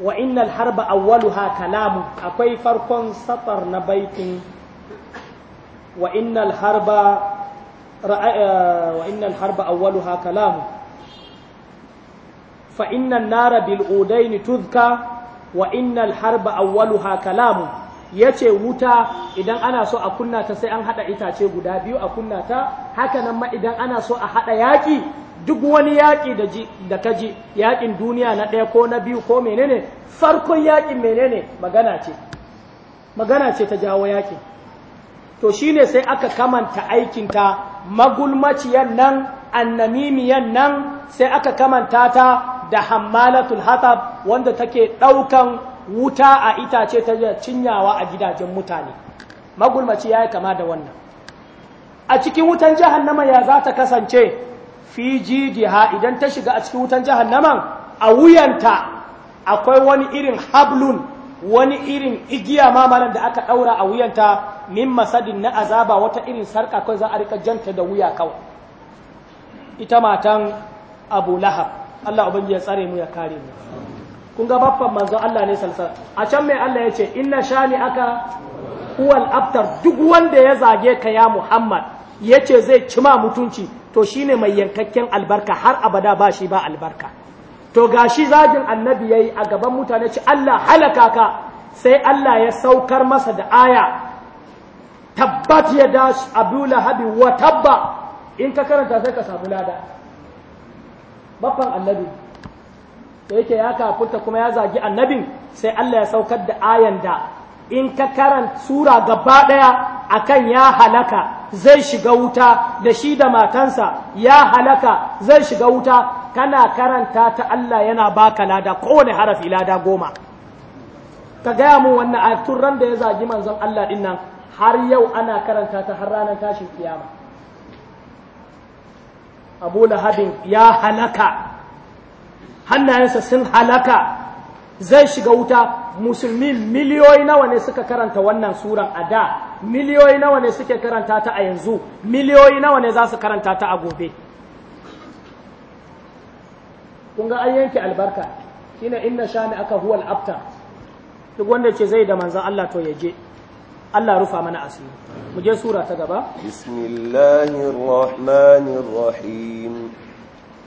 wa innal harba awwaluha kalamu akwai farkon safar na baitin wa innal harba eh, wa innal harba awwaluha kalamu fa innan nara bil udaini tuzka wa innal harba awwaluha kalamu yace wuta idan ana so a kunna ta sai an hada itace guda biyu a kunna ta haka nan ma idan ana so a hada yaki duk wani yaƙi da ka ji yaƙin duniya na ɗaya ko na biyu ko menene farkon yaƙin menene magana ce magana ce ta jawo yaƙin to shine sai aka kamanta aikinta magulmaciyan nan annamimiyan nan sai aka kamanta ta da hammalatul hatab wanda take ɗaukan wuta a itace ta cinyawa a gidajen mutane magulmaci ya kama da wannan a cikin wutan jahannama ya za ta kasance fi jidiha idan ta shiga a cikin wutan jahannaman a wuyanta akwai wani irin hablun wani irin igiya mamalan da aka daura a wuyanta min masadin na azaba wata irin sarka kai za a rika janta da wuya kawai ita matan Abu Lahab Allah ubangiji ya tsare mu ya kare mu kun ga babban manzon Allah ne salsal a can mai Allah ya ce inna shani aka uwal abtar duk wanda ya zage ka ya Muhammad yace zai cima mutunci to shi ne mai yankakken albarka har abada ba shi ba albarka to ga shi zagin annabi ya yi, a gaban mutane ci Allah halaka ka sai Allah ya saukar masa da aya tabbat ya dash abu lahabi wa tabba in ka karanta sai ka samu lada baffan annabi da yake ya kafurta kuma ya zagi annabin sai Allah ya saukar da ayan da in ka karanta sura gaba ɗaya akan ya halaka zai shiga wuta da shi da matansa ya halaka zai shiga wuta kana karanta ta Allah yana baka lada kowane harafi lada goma ka gaya mu wannan a ran da ya zagi manzon Allah din nan har yau ana karanta ta har ranar tashin kiyama abu lahabin ya halaka hannayensa sun halaka zai shiga wuta musulmi miliyoyi nawa ne suka karanta wannan suran a da miliyoyi nawa ne suke karanta ta a yanzu miliyoyi nawa ne za su karanta ta a gobe kunga an yanke albarka shine inna shani aka huwal abtar duk wanda ce zai da manzan Allah to ya je Allah rufa mana asiri mu je sura ta gaba bismillahir rahmanir rahim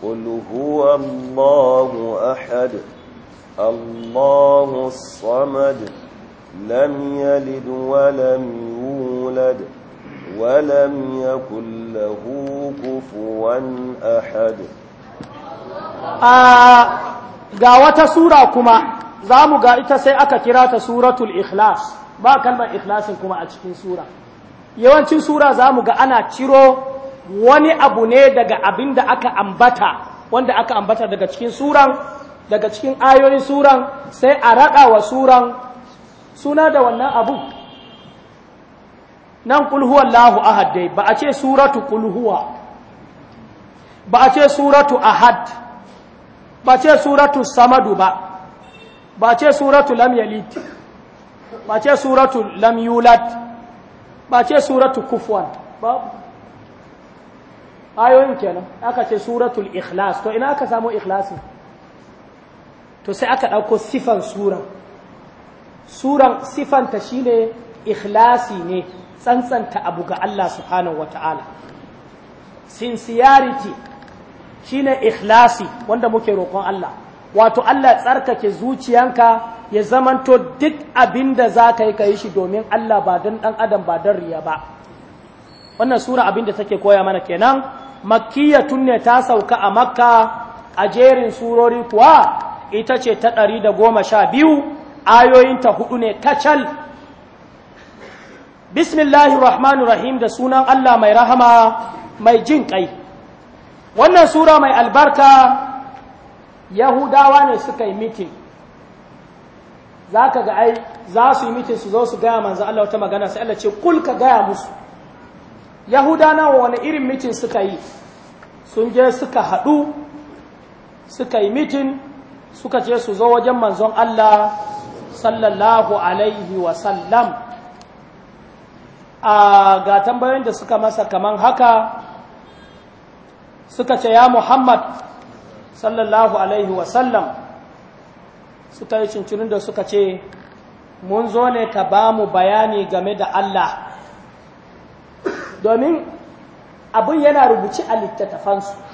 qul huwa ahad الله الصمد لم يلد ولم يولد ولم يكن له كفوا أحد ga wata sura kuma za mu ga ita sai aka kira ta suratul ikhlas ba kalmar ikhlasin kuma a cikin sura yawancin sura za mu ga ana ciro wani abu ne daga abin da aka ambata wanda aka ambata daga cikin suran daga cikin ayoyin suran sai a raɗa wa suran suna da wannan abu nan kulhuwan lahu ahad dai ba a ce suratu kulhuwa ba a ce suratu ahad ba a ce suratu samadu ba ba a ce suratu lam yalid ba a ce suratu lam yulad ba a ce suratu kufwan ba ayoyin kenan aka ce suratul ikhlas to ina aka samu ikhlasin to sai aka ɗauko sifan suran suran sifanta shine ikhlasi ne tsantsanta abu ga Allah subhanahu wata'ala sincerity shine ikhlasi wanda muke roƙon Allah wato Allah tsarkake zuciyanka ya zamanto duk abin da za ka yi ka yi shi domin Allah ba dan ɗan adam ba don riya ba wannan sura abin da take koya mana kenan makkiyatun ne ta sauka a makka a jerin surori kuwa ita ce ta ɗari da goma sha biyu ayoyinta hudu ne cal bismillahi rahmanu rahim da sunan allah mai rahama mai jin kai wannan sura mai albarka yahudawa ne suka yi mitin za ka ga ai za su yi mitin su zo su gaya manzo allah wata magana sai allah ce kul ka gaya musu yahudawa wani irin mitin suka yi sun je suka haɗu suka yi mitin suka ce su zo wajen manzon Allah sallallahu alaihi wasallam a ga tambayoyin da suka masa kaman haka suka ce ya Muhammad sallallahu alaihi wasallam suka yi cincinin da suka ce mun zo ne ka ba mu bayani game da Allah domin abin yana rubuci a littattafansu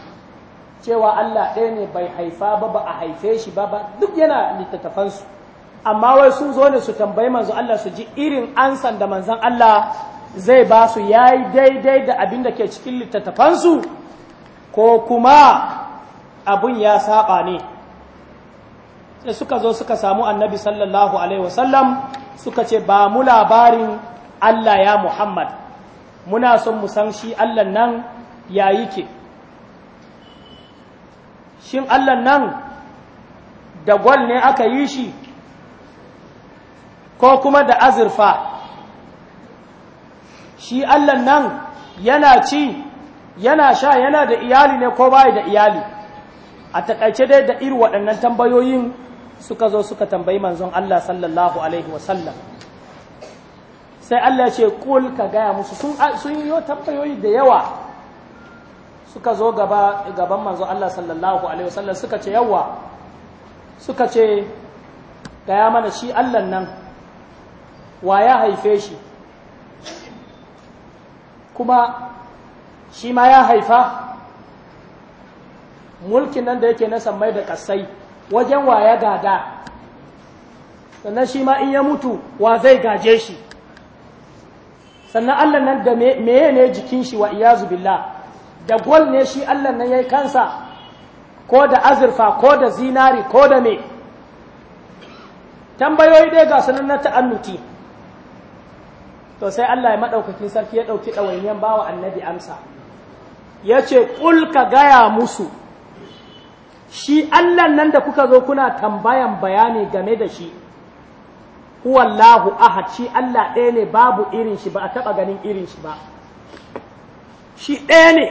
cewa Allah ɗaya ne bai haifa ba ba a haife shi ba ba duk yana littattafansu amma wai sun zo ne su tambayi manzo Allah su ji irin ansan da manzon Allah zai ba su yayi daidai da abin da ke cikin littattafansu ko kuma abun ya saba ne sai suka zo suka samu annabi sallallahu alaihi wasallam suka ce ba mu labarin Allah ya Muhammad muna son mu san shi Allah nan ya yi ke shin Allah nan da gwal ne aka yi shi ko kuma da azurfa shi Allah nan yana ci yana sha yana da iyali ne ko bai da iyali a takaice dai da iri waɗannan tambayoyin suka zo suka tambayi manzon Allah sallallahu alaihi wasallam sai Allah ce kul ka gaya musu sun yi tambayoyi da yawa suka zo gaba gaban manzo Allah sallallahu alaihi wasallam suka ce yawa suka ce gaya mana shi Allah nan wa ya haife shi kuma shi ma ya haifa mulkin nan da yake na samai da kasai wajen wa ya gada sannan shi ma in ya mutu wa zai gaje shi sannan Allah nan da meye ne jikin shi wa iyazu billah da gol ne shi Allah nan yi kansa ko da azurfa ko da zinari ko da me tambayoyi dai ga sanan na ta'annuti to sai Allah ya madaukakin sarki ya ɗauki dawainiyan bawa annabi amsa yace kul ka gaya musu shi Allah nan da kuka zo kuna tambayan bayani game da shi huwallahu ahad shi Allah ɗaya ne babu irin shi ba a taɓa ganin irin shi ba shi ɗaya ne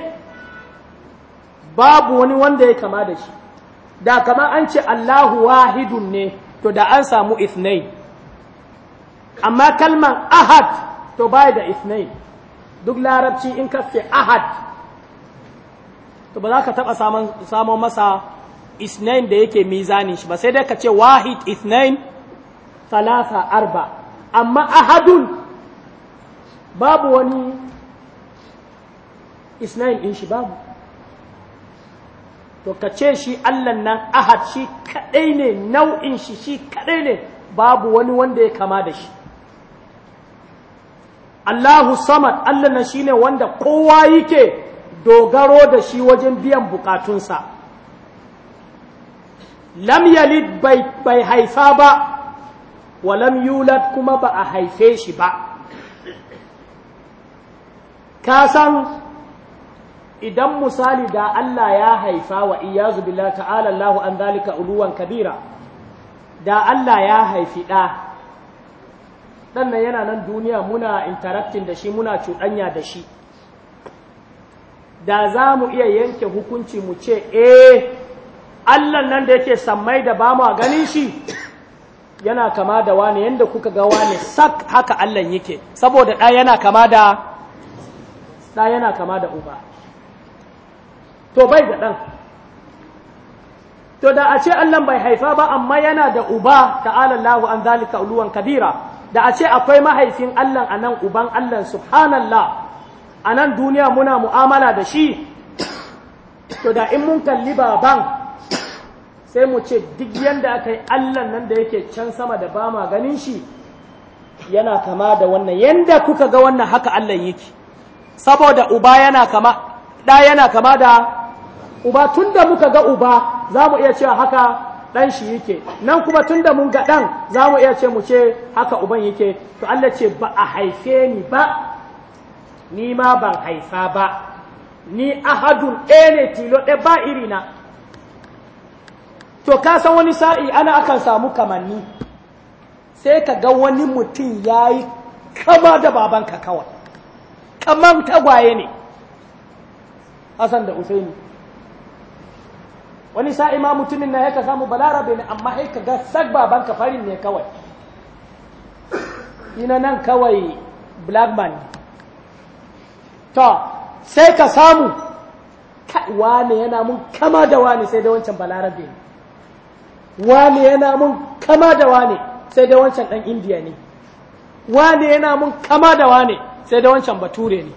babu wani wanda ya kama da shi da kama an ce Allahu wahidun ne to da an samu ithnai amma kalman ahad to bai da ithnai duk larabci in ka ce ahad to ba za ka taɓa samun masa isnain da yake mizanin shi ba sai dai ka ce wahid isnain talata arba amma ahadun babu wani isnain in shi babu to ka ce shi Allah nan ahad shi kadai ne nau'in shi shi kadai ne babu wani wanda ya kama da shi Allahu samad Allah nan shine wanda kowa yake dogaro da shi wajen biyan bukatunsa lam yalid bai, bai haifa ba wa lam yulad kuma ba a haife shi ba ka san idan misali da Allah ya haifa wa iyazu billah ta'ala Allahu an zalika uluwan kabira da Allah ya haifi ɗa dan nan yana nan duniya muna interacting da shi muna cuɗanya da shi da za mu iya yanke hukunci mu ce eh Allah nan da yake sammai da ba mu ganin shi yana kama da wani yadda kuka ga wani sak haka Allah yake saboda ɗa yana kama da ɗa yana kama da uba to bai da ɗan to da a ce Allah bai haifa ba amma yana da uba ta'ala lahu an zalika uluwan kabira da a ce akwai mahaifin Allah a nan uban allan subhanallah a nan duniya muna mu'amala da shi to da in mun kalli baban sai mu ce duk yadda aka yi allan nan da yake can sama da ba ma ganin shi yana kama da wannan Yadda kuka ga wannan haka Allah yake saboda uba yana kama ɗa yana kama da uba tunda muka ga uba za mu iya cewa haka ɗan shi yake nan kuma tunda mun ga ɗan za mu iya ce mu ce haka uban yake to Allah ce ba a haife ni ba ni ma ban haifa ba ni ahadun ɗaya ne tilo ɗaya ba irina to ka san wani sa'i ana akan samu kamanni sai ka ga wani mutum ya yi kama da babanka kawai kaman tagwaye ne Hassan da Usaini wani sa'i ma mutumin na ya ka samu balarabe ne amma ya ka ga sag baban ka farin ne kawai ina nan kawai black man to sai ka samu wane yana mun kama da wane sai da wancan balarabe ne wane yana mun kama da wane sai da wancan dan indiya ne wane yana mun kama da wane sai da wancan bature ne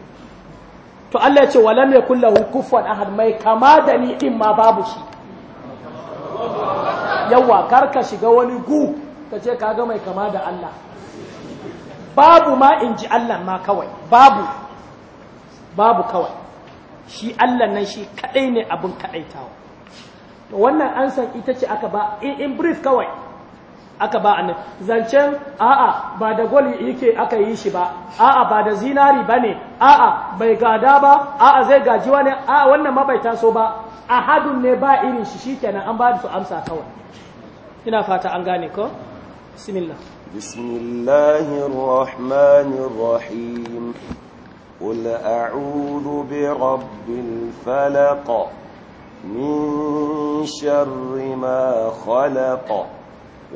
to Allah ya ce walam yakul lahu ahad mai kama da ni in ma babu shi yawa kar ka shiga wani gu ka ce ka ga mai kama da Allah babu ma in ji Allah ma kawai babu babu kawai shi Allah nan shi kadai ne abin kadaitawa to wannan ansan ita ce aka ba in brief kawai aka ba annabi zancen a'a ba da gwal yake aka yi shi ba a'a ba da zinari ba ne a'a bai gada ba a'a zai gaji wani a'a wannan ma bai taso ba ahadun ne ba irin shi shikenan an ba su amsa kawai ina fata an gane ko bismillah bismillahir rahmanir rahim قل أعوذ برب الفلق من شر ما خلق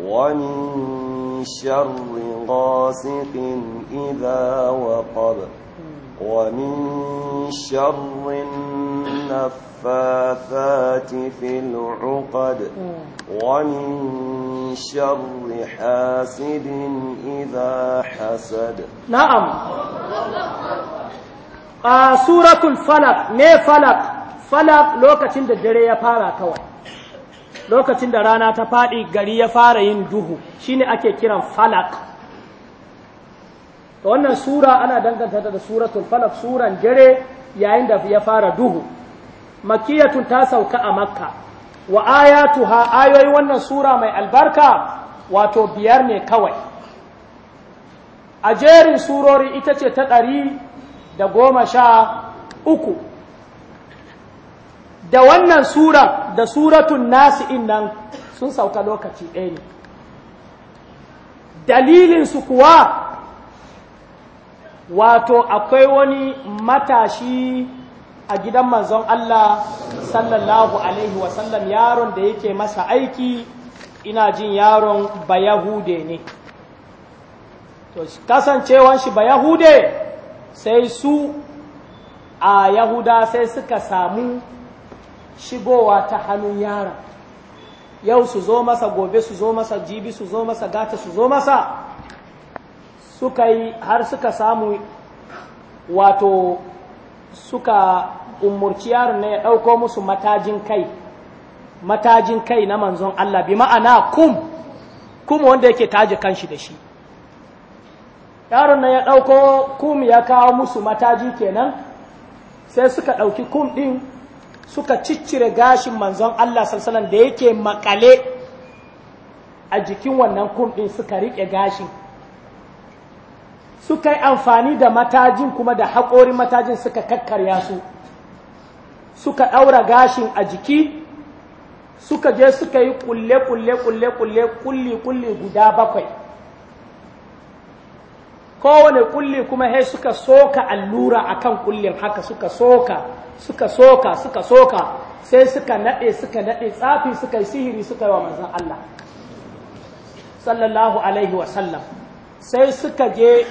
ومن شر غاسق إذا وقب ومن شر النفاثات في العقد ومن شر حاسد إذا حسد نعم آه سورة الفلق ما فلق فلق لوكة الدرية فارا كوي lokacin da rana ta faɗi gari ya fara yin duhu shine ake kiran falak to wannan sura ana danganta da suratul falak suran dare yayin da ya fara duhu makiyatun ta sauka a makka wa ayatuha ayoyi wannan sura mai albarka wato biyar ne kawai a jerin surori ita ce ta ɗari da goma sha uku da wannan sura da suratun nasu innan sun sauka lokaci ɗaya ne dalilinsu kuwa wato akwai wani matashi a gidan manzon Allah sallallahu alaihi wasallam yaron da yake masa aiki ina jin yaron bayahude ne to kasancewan shi bayahude sai su a yahuda sai suka samu shigowa ta hannun yaron yau su zo masa gobe su zo masa jibi su zo masa gata su zo masa suka yi har suka samu wato suka umurci yaron na ya ɗauko musu matajin kai matajin kai na manzon Allah bi ma'ana kum kum wanda yake taji kanshi da shi yaron na ya ɗauko kum ya kawo musu mataji kenan sai suka ɗauki kum ɗin suka ciccire gashin manzon Allah sallallahu da yake makale a jikin wannan kumɗin suka riƙe gashin suka yi amfani da matajin kuma da haƙorin matajin suka kakkarya su suka ɗaura gashin a jiki suka je suka yi ƙulle-ƙulle-ƙulle-ƙulle ƙulli-ƙulli guda bakwai kowane kulli kuma he suka soka allura akan kullin haka suka soka suka soka suka soka sai suka nade suka nade tsafi suka yi sihiri suka yi wa manzon Allah sallallahu alaihi wa sallam sai suka je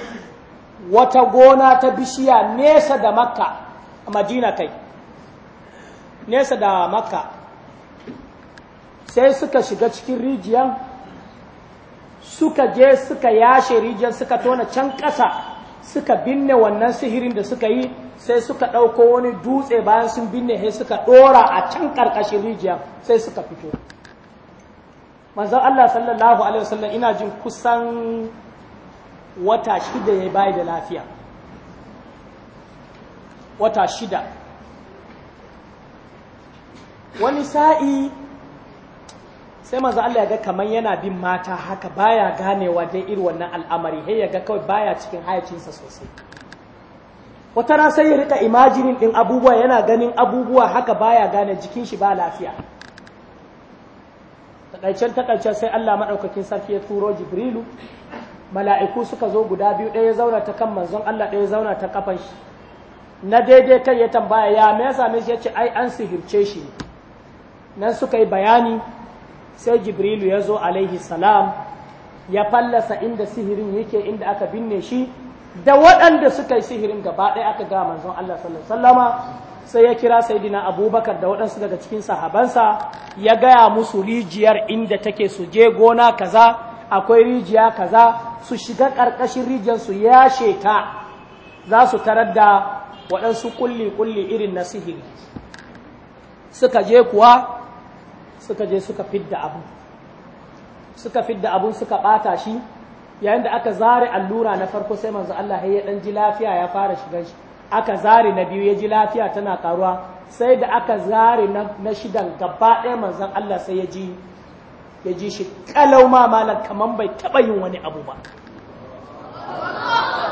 wata gona ta bishiya nesa da makka a madina kai nesa da makka sai suka shiga cikin rijiyan suka je suka yashe rijiyar suka tona can ƙasa suka binne wannan sihirin da suka yi sai suka ɗauko wani dutse bayan sun binne sai suka ɗora a can ƙarƙashin rijiyar sai suka fito manzan Allah sallallahu alaihi wasallam ina jin kusan wata shida ya bayi da lafiya wata shida wani sa'i sai manzo Allah ya ga kaman yana bin mata haka baya ganewa dai irin wannan al'amari sai ya ga kawai baya cikin hayacinsa sosai wata ran sai ya rika imajinin din abubuwa yana ganin abubuwa haka baya gane jikin shi ba lafiya takaicen takaicen sai Allah madaukakin sarki ya turo Jibrilu mala'iku suka zo guda biyu ɗaya ya zauna ta kan manzon Allah ɗaya zauna ta kafan shi na daidai kai ya tambaya ya me ya same shi ce ai an sihirce shi nan suka yi bayani sai jibrilu ya zo alaihi salam ya fallasa inda sihirin yake inda aka binne shi da waɗanda suka yi sihirin gaba ɗaya aka ga manzon Allah sallallahu sai ya kira saidina abubakar da waɗansu daga cikin sahabansa ya gaya musu rijiyar inda take su je gona kaza akwai rijiya kaza su shiga ƙarƙashin rijiyar su yashe ta za su tarar da waɗansu kulli-kulli irin na sihiri suka je kuwa suka je suka fidda abu suka fidda abun suka bata shi yayin da aka zare allura na farko sai manzo Allah ya dan ji lafiya ya fara shigar shi aka zare na biyu ya ji lafiya tana karuwa sai da aka zare na shidan gaba ɗaya manzon Allah sai ya ji ya ji shi kalau ma malam kaman bai taba yin wani abu ba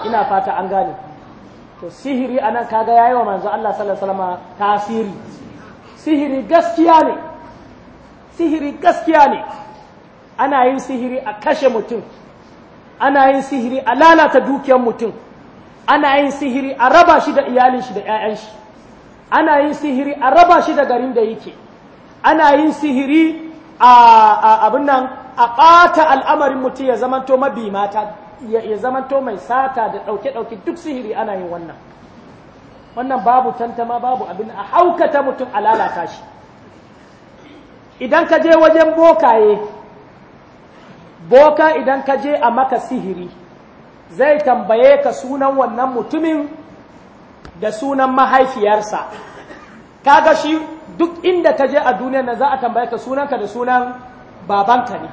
ina fata an gane to sihiri anan kaga yayi wa manzo Allah sallallahu alaihi tasiri sihiri gaskiya ne sihiri gaskiya ne ana yin sihiri a kashe mutum ana yin sihiri a lalata dukiyar mutum ana yin sihiri a raba shi da iyalin shi da 'ya'yan shi ana yin sihiri a raba shi da garin da yake ana yin sihiri a abin nan a ɓata al'amarin mutum ya zamanto mabi mata ya zamanto mai sata da ɗauke-ɗauke duk sihiri ana yin wannan wannan babu tantama babu abin a haukata mutum a lalata shi idan ka je wajen bokaye boka idan ka je a maka sihiri zai tambaye ka sunan wannan mutumin da sunan mahaifiyarsa kaga shi duk inda ka je a duniya na za a tambaye ka sunanka da sunan babanka ne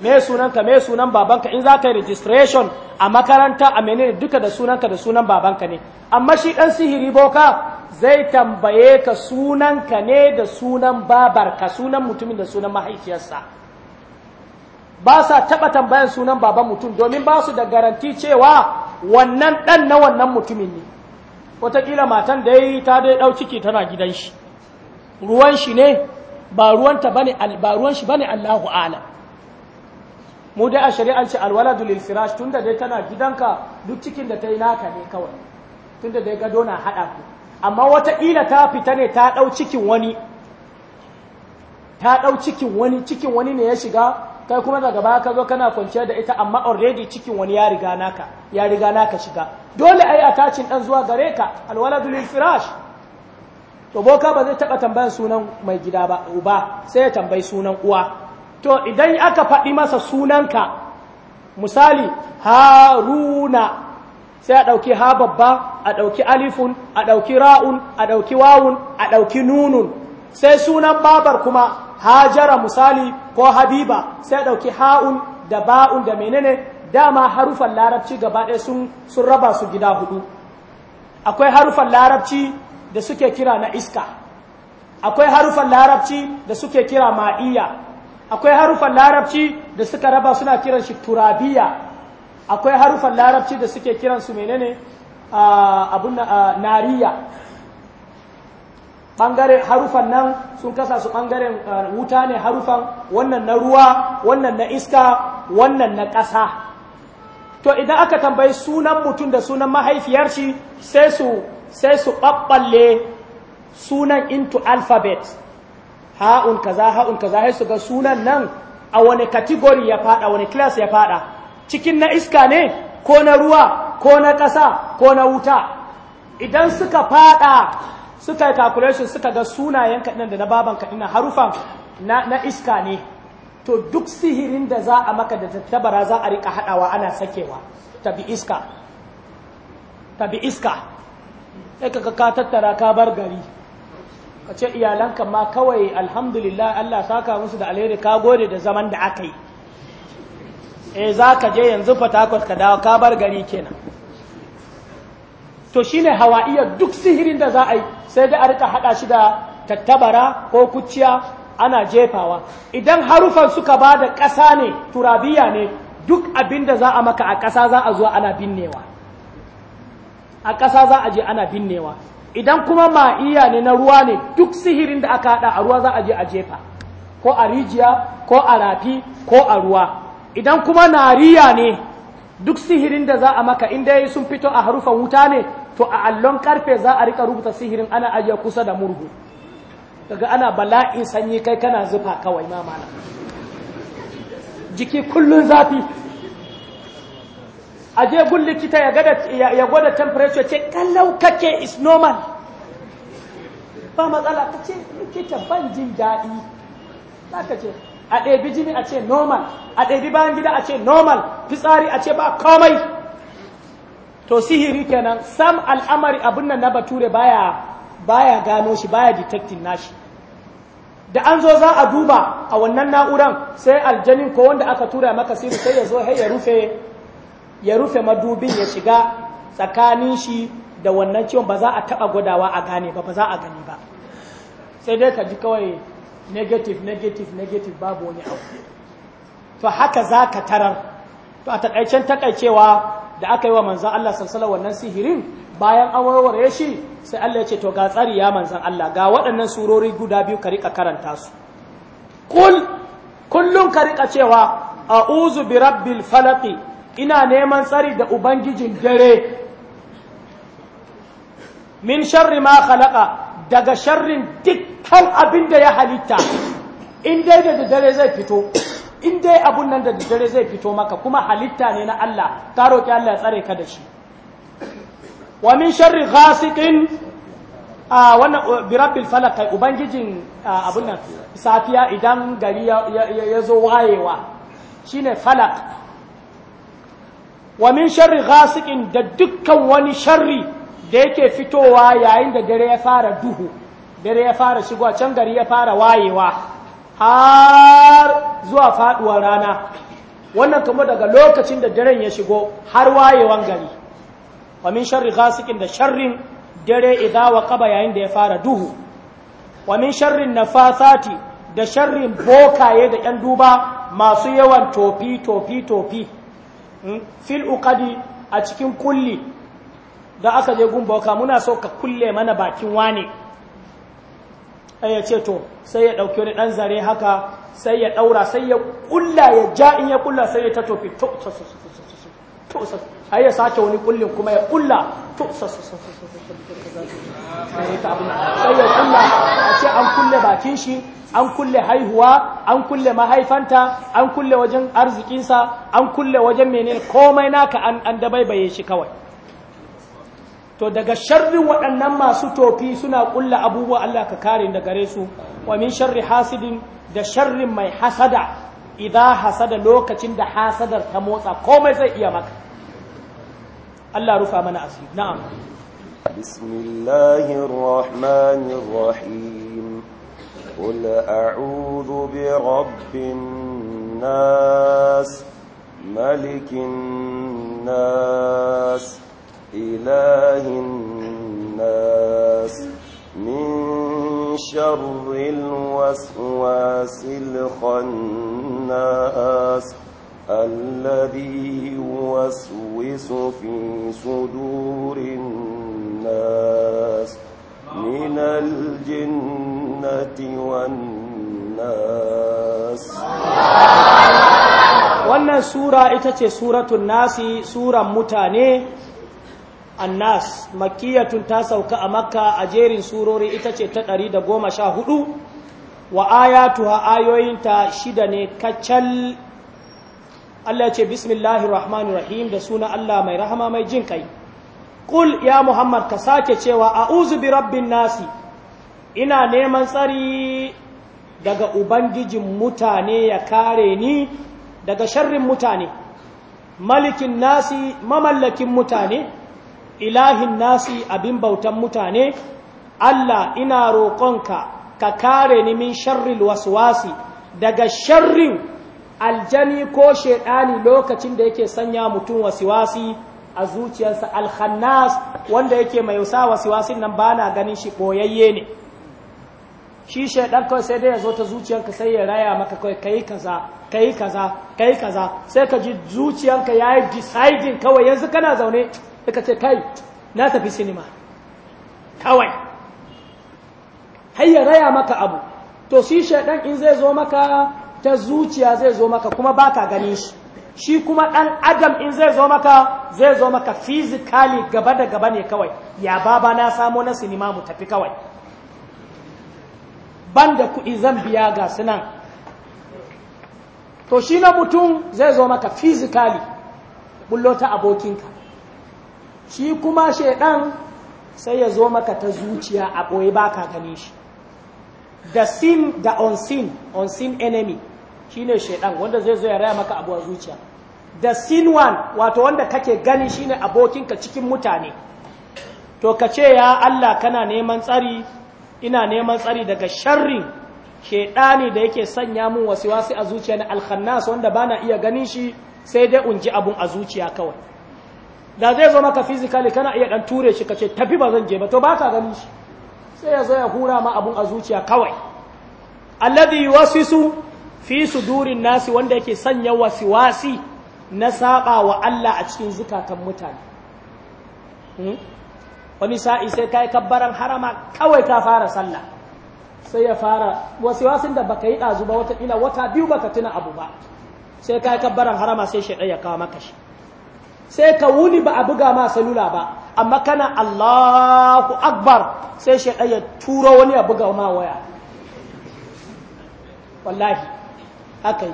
me sunanka me sunan babanka in za ka yi registration a makaranta a menene duka da sunanka da sunan babanka ne amma shi ɗan sihiri boka zai tambaye ka sunanka ne da sunan babarka sunan mutumin da sunan mahaifiyarsa ba sa taɓa tambayan sunan baban mutum domin ba su da garanti cewa wannan ɗan na wannan mutumin ne wataƙila matan da yi ta dai ɗau ciki tana gidan shi ruwan shi ne ba ruwanta ba ne allahu alam mu dai a shari'ance alwaladu lil firash tunda dai tana gidanka duk cikin da ta yi naka ne kawai tunda dai gado na haɗa ku amma wata ƙila ta fita ne ta ɗau cikin wani ta ɗau cikin wani cikin wani ne ya shiga kai kuma daga baya ka zo kana kwanciya da ita amma already cikin wani ya riga naka ya riga naka shiga dole ai a tacin dan zuwa gare ka alwaladu lil to boka ba zai taba tambayan sunan mai gida ba uba sai ya tambayi sunan uwa to idan aka faɗi masa sunanka misali haruna sai a ɗauki ha babba a ɗauki alifun a ɗauki ra'un a ɗauki wawun a ɗauki nunun sai sunan babar kuma hajara misali ko habiba sai a ɗauki ha'un da ba'un da menene dama harufan larabci gaba ɗaya sun raba su gida hudu akwai harufan larabci da suke kira na iska akwai harufan larabci da suke kira ma'iya akwai harufan larabci da suka raba suna kiran shi turabiya akwai harufan larabci da suke kiran su menene abun nariya bangare harufan nan sun kasa su bangaren wuta ne harufan wannan na ruwa wannan na iska wannan na ƙasa to idan aka tambayi sunan mutum da sunan mahaifiyar shi sai su sai su ɓaɓɓalle sunan into alphabet ha'un kaza ha'un kaza sai su ga sunan nan a wani kategori ya fada wani class ya fada cikin na iska ne ko na ruwa ko na ƙasa ko na wuta idan suka fada suka yi calculation suka ga sunayen kadin da na baban kaɗinan harufan na, na iska ne to duk sihirin da za a maka da tattabara za a rika haɗawa ana sakewa tabi iska tabi iska sai ka ka tattara ka bar gari a ce iyalanka ma kawai alhamdulillah Allah saka musu da alheri ka gode da zaman da aka yi e za ka je yanzu fatakwas ka dawo ka bar gari kenan to shine hawa'iya duk sihirin da za a yi sai da a rika haɗa shi da tattabara ko kuciya ana jefawa idan harufan suka ba da ƙasa ne turabiya ne duk abin da za a maka a ƙasa za a zuwa ana binnewa a ƙasa za a je ana binnewa idan kuma ma iya ne na ruwa ne duk sihirin da aka haɗa a ruwa za a je a jefa ko a rijiya ko a rafi ko a ruwa idan kuma nariya ne duk sihirin da za a maka in yi sun fito a harufan wuta ne to a allon karfe za a rika rubuta sihirin ana ajiye kusa da murhu daga ana bala'in sanyi kai kana zufa kawai mamana jiki kullun zafi a je gun likita ya gwada temperature ce kallau kake is normal ba matsala ta ce likita ban jin daɗi za ka ce a ɗebi jini a ce normal a ɗebi bayan gida a ce normal fitsari a ce ba komai to sihiri kenan sam al'amari abin nan na bature baya baya gano shi baya detecting nashi da an zo za a duba a wannan na'uran sai aljanin ko wanda aka tura maka sirri sai ya zo ya rufe ya rufe madubin ya shiga tsakanin shi da wannan ciwon ba za a taɓa gwadawa a gane ba ba za a gani ba sai dai ka ji kawai negative negative negative babu wani abu to haka za ka tarar to a takaicen takaicewa da aka yi wa manzan Allah salsala wannan sihirin bayan an warware shi sai Allah ya ce to ga tsari ya manzan Allah ga waɗannan surori guda biyu ka rika karanta su kullum ka rika cewa a'uzu bi rabbil falaqi ina neman tsari da ubangijin dare min sharri ma khalaqa daga sharrin dukkan abin da ya halitta in dai da dare zai fito in dai abun nan da dare zai fito maka kuma halitta ne na Allah ta roki Allah ya tsare ka da shi wa min sharri ghasiqin a wannan birabbil falaq ubangijin abun nan safiya idan gari ya zo wayewa shine falaq wa min sharri ghasiqin da dukkan wani sharri da yake fitowa yayin da dare ya fara duhu dare ya fara shigowa can gari ya fara wayewa har zuwa faduwar rana wannan kuma daga lokacin da daren ya shigo har wayewan gari wa min sharri ghasiqin da sharrin dare idza waqaba yayin da ya fara duhu wa min sharrin nafasati da sharrin bokaye da yan duba masu yawan tofi topi, topi. fil uqadi a cikin kulli da aka je gun ka muna so ka kulle mana bakin wane ai ya ce to sai ya ɗauki wani ɗan zare haka sai ya ɗaura sai ya kulla ya ja in ya kulla sai ya to to to ai ya sace wani kullin kuma ya kulla to sai ya kulla a ce an kulle bakin shi an kulle haihuwa an kulle mahaifanta an kulle wajen arzikinsa an kulle wajen menene komai naka an dabaibaye shi kawai to daga sharrin waɗannan masu tofi suna kulla abubuwa Allah ka kare da gare su wa min sharri hasidin da sharrin mai hasada idan hasada lokacin da hasadar ta motsa komai zai iya maka الله رفع من أسير نعم بسم الله الرحمن الرحيم قل أعوذ برب الناس ملك الناس إله الناس من شر الوسواس الخناس الذي يوسوس في صدور الناس من الجنة والناس wannan sura ita ce suratun nasi suran mutane annas makiyatun ta sauka a makka a jerin surori ita ce ta 114 wa ayatuha ayoyinta shida ne kacal Allah ya ce bismillahir rahmanir rahim da suna Allah mai rahama mai jin kai qul ya muhammad ka sake cewa a'udhu bi rabbin nasi ina neman tsari daga ubangijin mutane ya kare ni daga sharrin mutane malikin nasi mamallakin mutane ilahin nasi abin bautan mutane Allah ina roƙonka ka kare ni min sharril waswasi daga sharrin aljani ko shaidani lokacin da yake sanya mutum wasiwasi a zuciyarsa alhannas wanda yake mai wasi wasiwasin nan bana ganin shi boyayye ne shi shaidan kawai sai dai ya zo ta zuciyarka sai ya raya maka kawai kai kaza kai kaza kai kaza sai ka ji zuciyarka ya yi deciding kawai yanzu kana zaune ka ce kai na tafi sinima kawai har raya maka abu to shi shaidan in zai zo maka ta zuciya zai zo maka kuma baka gani shi shi kuma ɗan adam in zai zo maka zai zo maka fizikali gaba da gaba ne kawai ya baba na samo na sinima mu tafi kawai ban da kuɗi zan biya ga sunan to shi na mutum zai zo maka fizikali bullo ta abokinka shi kuma shaidan sai ya zo maka ta zuciya a ɓoye baka gani shi da sin da on sin on sin enemy shine shedan wanda zai zo ya raya maka abuwa zuciya da sinwan wato wanda kake gani shine abokinka cikin mutane to ka ce ya Allah kana neman tsari ina neman tsari daga sharrin ne da yake sanya mun wasiwasi a zuciya na alkhannas wanda bana iya ganin shi sai dai unji abun a zuciya kawai da zai zo maka physically kana iya dan ture shi kace tafi ba zan je ba to baka ganin shi sai ya zo ya hura ma abun a zuciya kawai alladhi yuwaswisu fi su durin nasi wanda yake sanya wasi-wasi na saba wa Allah a cikin zukatan mutane hmm? wani sa'i sai yi kabbaran harama kawai ka fara sallah sai ya fara wasiwasin da baka yi ɗazu ba wata wata biyu baka tuna abu ba sai yi kabbaran harama sai shi ya kawo maka shi sai ka wuni ba a buga ma salula ba amma kana Allahu akbar sai shi ya turo wani ya buga ma waya wallahi haka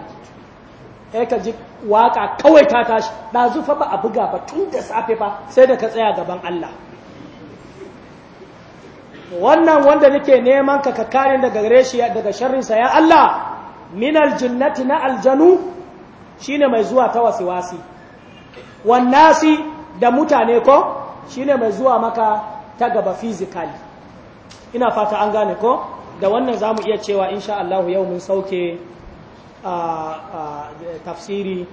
yi ka ji waƙa kawai ta tashi ɗazu fa ba a buga ba tun da safe ba sai da ka tsaya gaban Allah wannan wanda nake neman ka ka daga gare daga sharrinsa ya Allah min aljinnati na aljanu shine mai zuwa ta wasiwasi wannasi da mutane ko shine mai zuwa maka ta gaba physically ina fata an gane ko da wannan zamu iya cewa insha Allah yau mun sauke tafsiri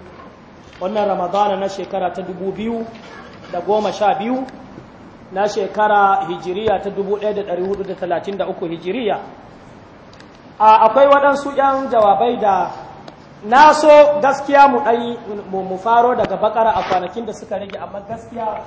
wannan ramadana na shekara ta dubu sha biyu na shekara hijiriya ta dubu ɗaya da akwai waɗansu 'yan jawabai da na so gaskiya mu ɗai mu faro daga bakara a kwanakin da suka rage amma gaskiya